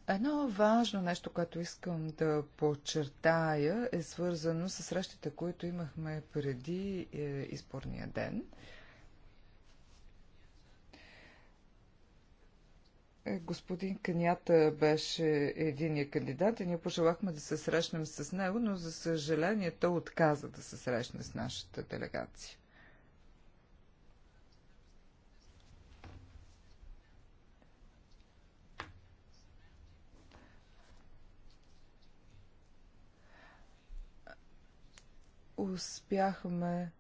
Speaker 2: Едно важно нещо, което искам да подчертая, е свързано с срещите, които имахме преди е, изборния ден. Е, господин Канята беше единия кандидат и ние пожелахме да се срещнем с него, но за съжаление той отказа да се срещне с нашата делегация. успяхме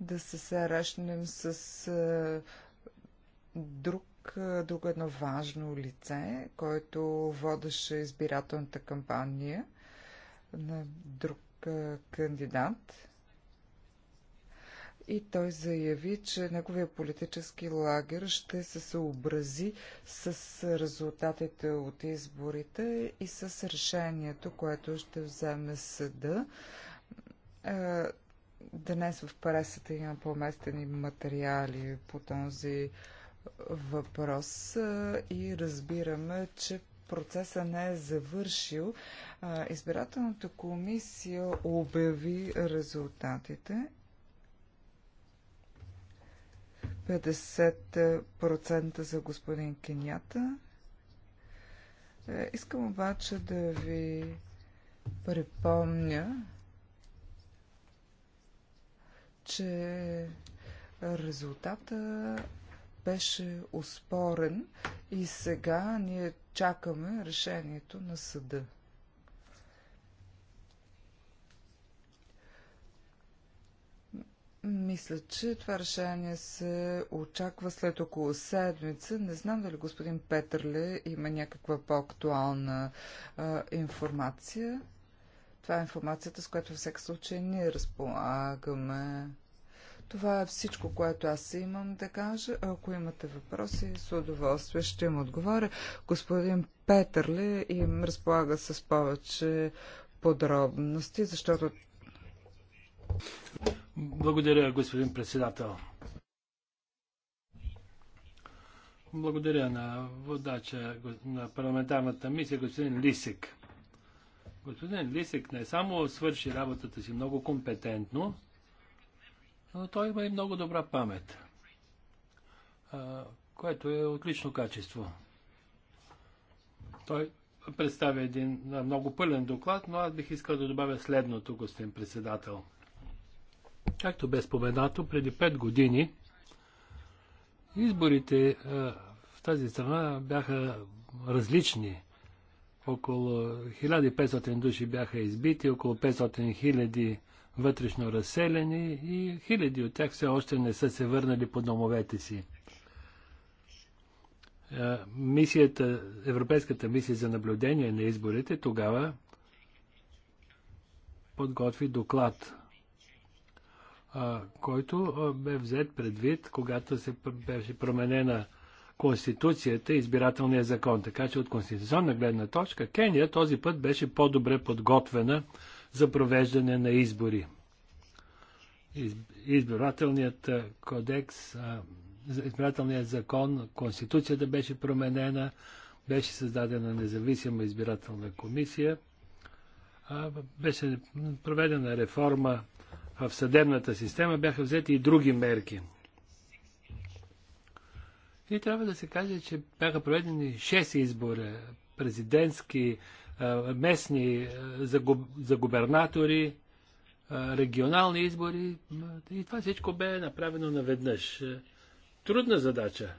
Speaker 2: да се срещнем с друг, друг едно важно лице, който водеше избирателната кампания на друг кандидат. И той заяви, че неговия политически лагер ще се съобрази с резултатите от изборите и с решението, което ще вземе съда е, днес в пресата има поместени материали по този въпрос е, и разбираме, че процеса не е завършил. Е, избирателната комисия обяви резултатите 50% за господин Кенята. Искам обаче да ви припомня, че резултата беше успорен и сега ние чакаме решението на съда. Мисля, че това решение се очаква след около седмица. Не знам дали господин Петърле има някаква по-актуална информация. Това е информацията, с която във всеки случай ние разполагаме. Това е всичко, което аз имам да кажа. Ако имате въпроси, с удоволствие ще им отговоря. Господин ли им разполага с повече подробности,
Speaker 1: защото... Благодаря, господин председател. Благодаря на водача на парламентарната мисия, господин Лисик. Господин Лисек не само свърши работата си много компетентно, но той има и много добра памет, което е отлично качество. Той представя един много пълен доклад, но аз бих искал да добавя следното, господин председател. Както бе споменато, преди 5 години изборите в тази страна бяха различни около 1500 души бяха избити, около 500 хиляди вътрешно разселени и хиляди от тях все още не са се върнали по домовете си. Е, мисията, Европейската мисия за наблюдение на изборите тогава подготви доклад, е, който е, бе взет предвид, когато се беше променена Конституцията и избирателния закон. Така че от конституционна гледна точка Кения този път беше по-добре подготвена за провеждане на избори. Избирателният кодекс, избирателният закон, Конституцията беше променена, беше създадена независима избирателна комисия, беше проведена реформа в съдебната система, бяха взети и други мерки – и трябва да се каже, че бяха проведени 6 избора президентски, местни за губернатори, регионални избори. И това всичко бе направено наведнъж. Трудна задача.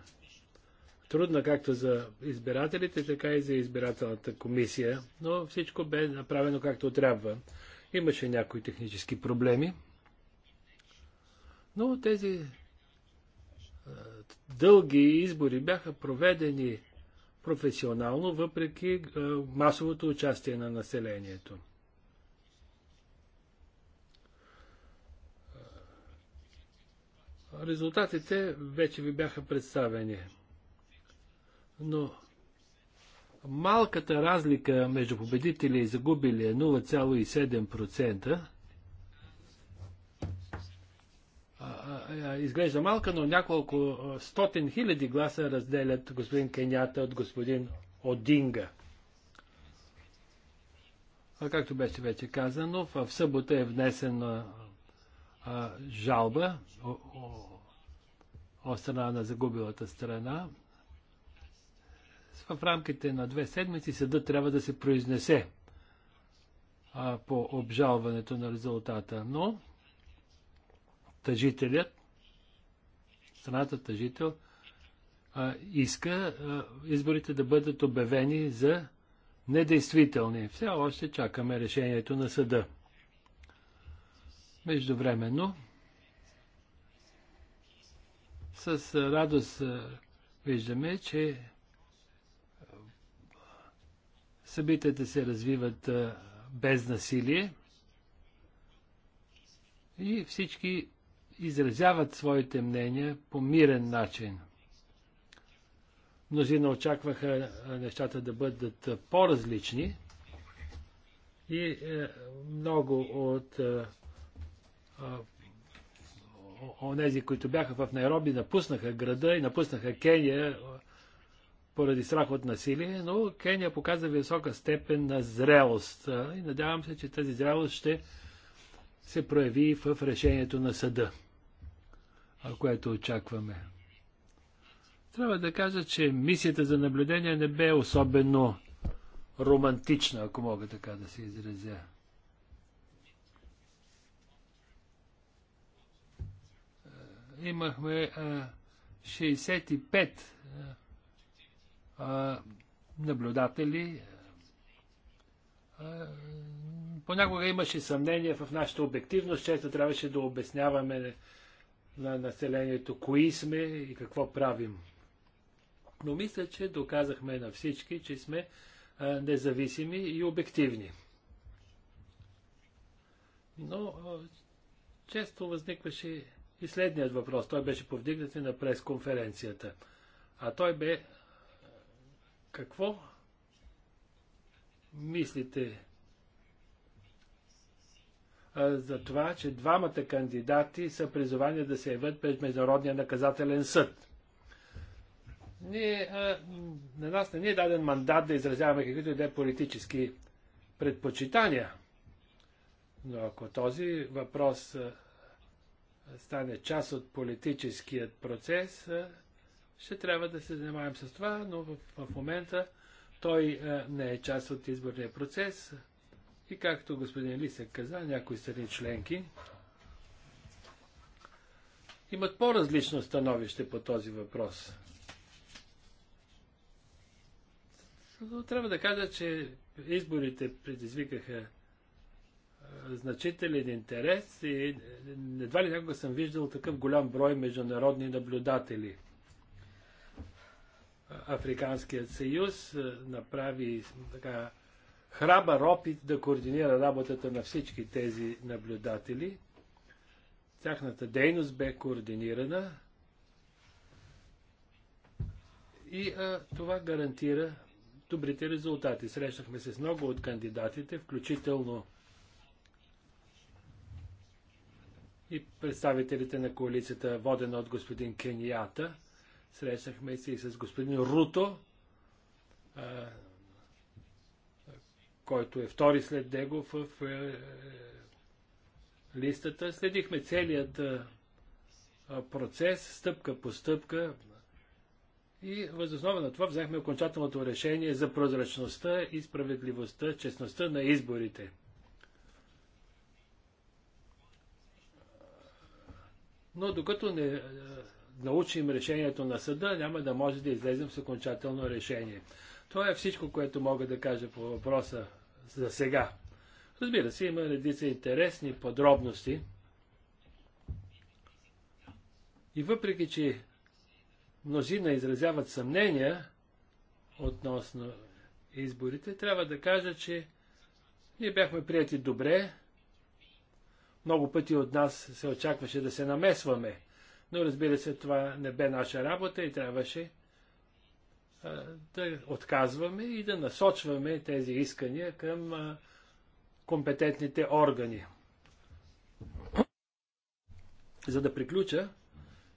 Speaker 1: Трудна както за избирателите, така и за избирателната комисия, но всичко бе направено както трябва. Имаше някои технически проблеми, но тези е, дълги избори бяха проведени професионално, въпреки е, масовото участие на населението. Е, резултатите вече ви бяха представени. Но малката разлика между победители и загубили е 0,7%, изглежда малка, но няколко стотин хиляди гласа разделят господин Кенята от господин Одинга. А както беше вече казано, в събота е внесена жалба от страна на загубилата страна. В рамките на две седмици съда трябва да се произнесе а, по обжалването на резултата, но тъжителят страната тъжител а, иска а, изборите да бъдат обявени за недействителни. Все още чакаме решението на съда. Междувременно, с радост виждаме, че събитията се развиват без насилие и всички изразяват своите мнения по мирен начин. Мнозина очакваха нещата да бъдат по-различни и е, много от е, онези, които бяха в Найроби, напуснаха града и напуснаха Кения поради страх от насилие, но Кения показа висока степен на зрелост. И надявам се, че тази зрелост ще се прояви в решението на съда което очакваме. Трябва да кажа, че мисията за наблюдение не бе особено романтична, ако мога така да се изразя. Е, имахме 65 е, е, наблюдатели. Понякога имаше съмнение в нашата обективност, често трябваше да обясняваме на населението, кои сме и какво правим. Но мисля, че доказахме на всички, че сме независими и обективни. Но често възникваше и следният въпрос. Той беше повдигнат и на пресконференцията. А той бе какво мислите за това, че двамата кандидати са призовани да се явят пред Международния наказателен съд. Ние, а, на нас не ни е даден мандат да изразяваме каквито и да е политически предпочитания. Но ако този въпрос а, стане част от политическият процес, а, ще трябва да се занимаем с това, но в, в момента той а, не е част от изборния процес. И както господин Лисък каза, някои страни членки имат по-различно становище по този въпрос. Трябва да кажа, че изборите предизвикаха значителен интерес и едва ли някога съм виждал такъв голям брой международни наблюдатели. Африканският съюз направи така храбър опит да координира работата на всички тези наблюдатели. Тяхната дейност бе координирана и а, това гарантира добрите резултати. Срещнахме се с много от кандидатите, включително и представителите на коалицията, водена от господин Кенията. Срещнахме се и с господин Руто, който е втори след него в е, е, листата. Следихме целият е, процес, стъпка по стъпка и възоснова на това взехме окончателното решение за прозрачността и справедливостта, честността на изборите. Но докато не научим решението на съда, няма да може да излезем с окончателно решение. Това е всичко, което мога да кажа по въпроса за сега. Разбира се, има редица интересни подробности. И въпреки, че мнозина изразяват съмнения относно изборите, трябва да кажа, че ние бяхме прияти добре. Много пъти от нас се очакваше да се намесваме. Но разбира се, това не бе наша работа и трябваше да отказваме и да насочваме тези искания към компетентните органи. За да приключа,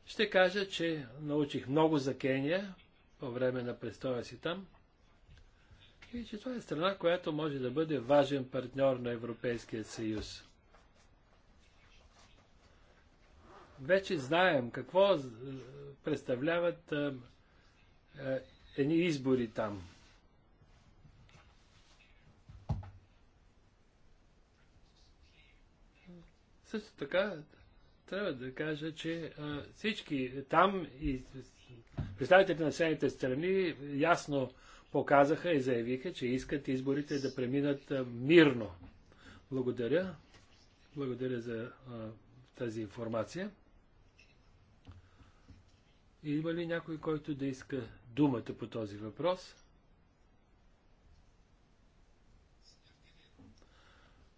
Speaker 1: ще кажа, че научих много за Кения по време на престоя си там и че това е страна, която може да бъде важен партньор на Европейския съюз. Вече знаем какво представляват едни избори там. Също така, трябва да кажа, че а, всички там и представителите на Съединените страни ясно показаха и заявиха, че искат изборите да преминат а, мирно. Благодаря. Благодаря за а, тази информация. има ли някой, който да иска думата по този въпрос.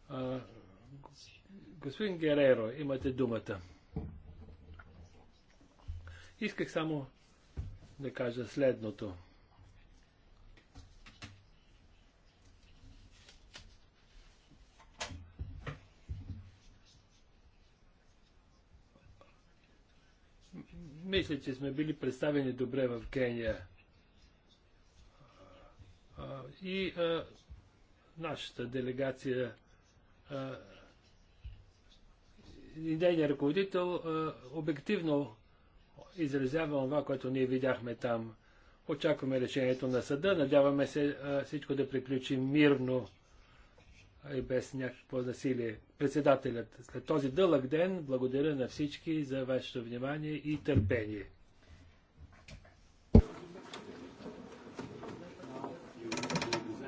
Speaker 1: А, господин Гереро, имате думата. Исках само да кажа следното. Мисля, че сме били представени добре в Кения. И а, нашата делегация и нейният ръководител а, обективно изразява това, което ние видяхме там. Очакваме решението на съда. Надяваме се а, всичко да приключи мирно и без някакво насилие. Председателят, след този дълъг ден, благодаря на всички за вашето внимание и търпение.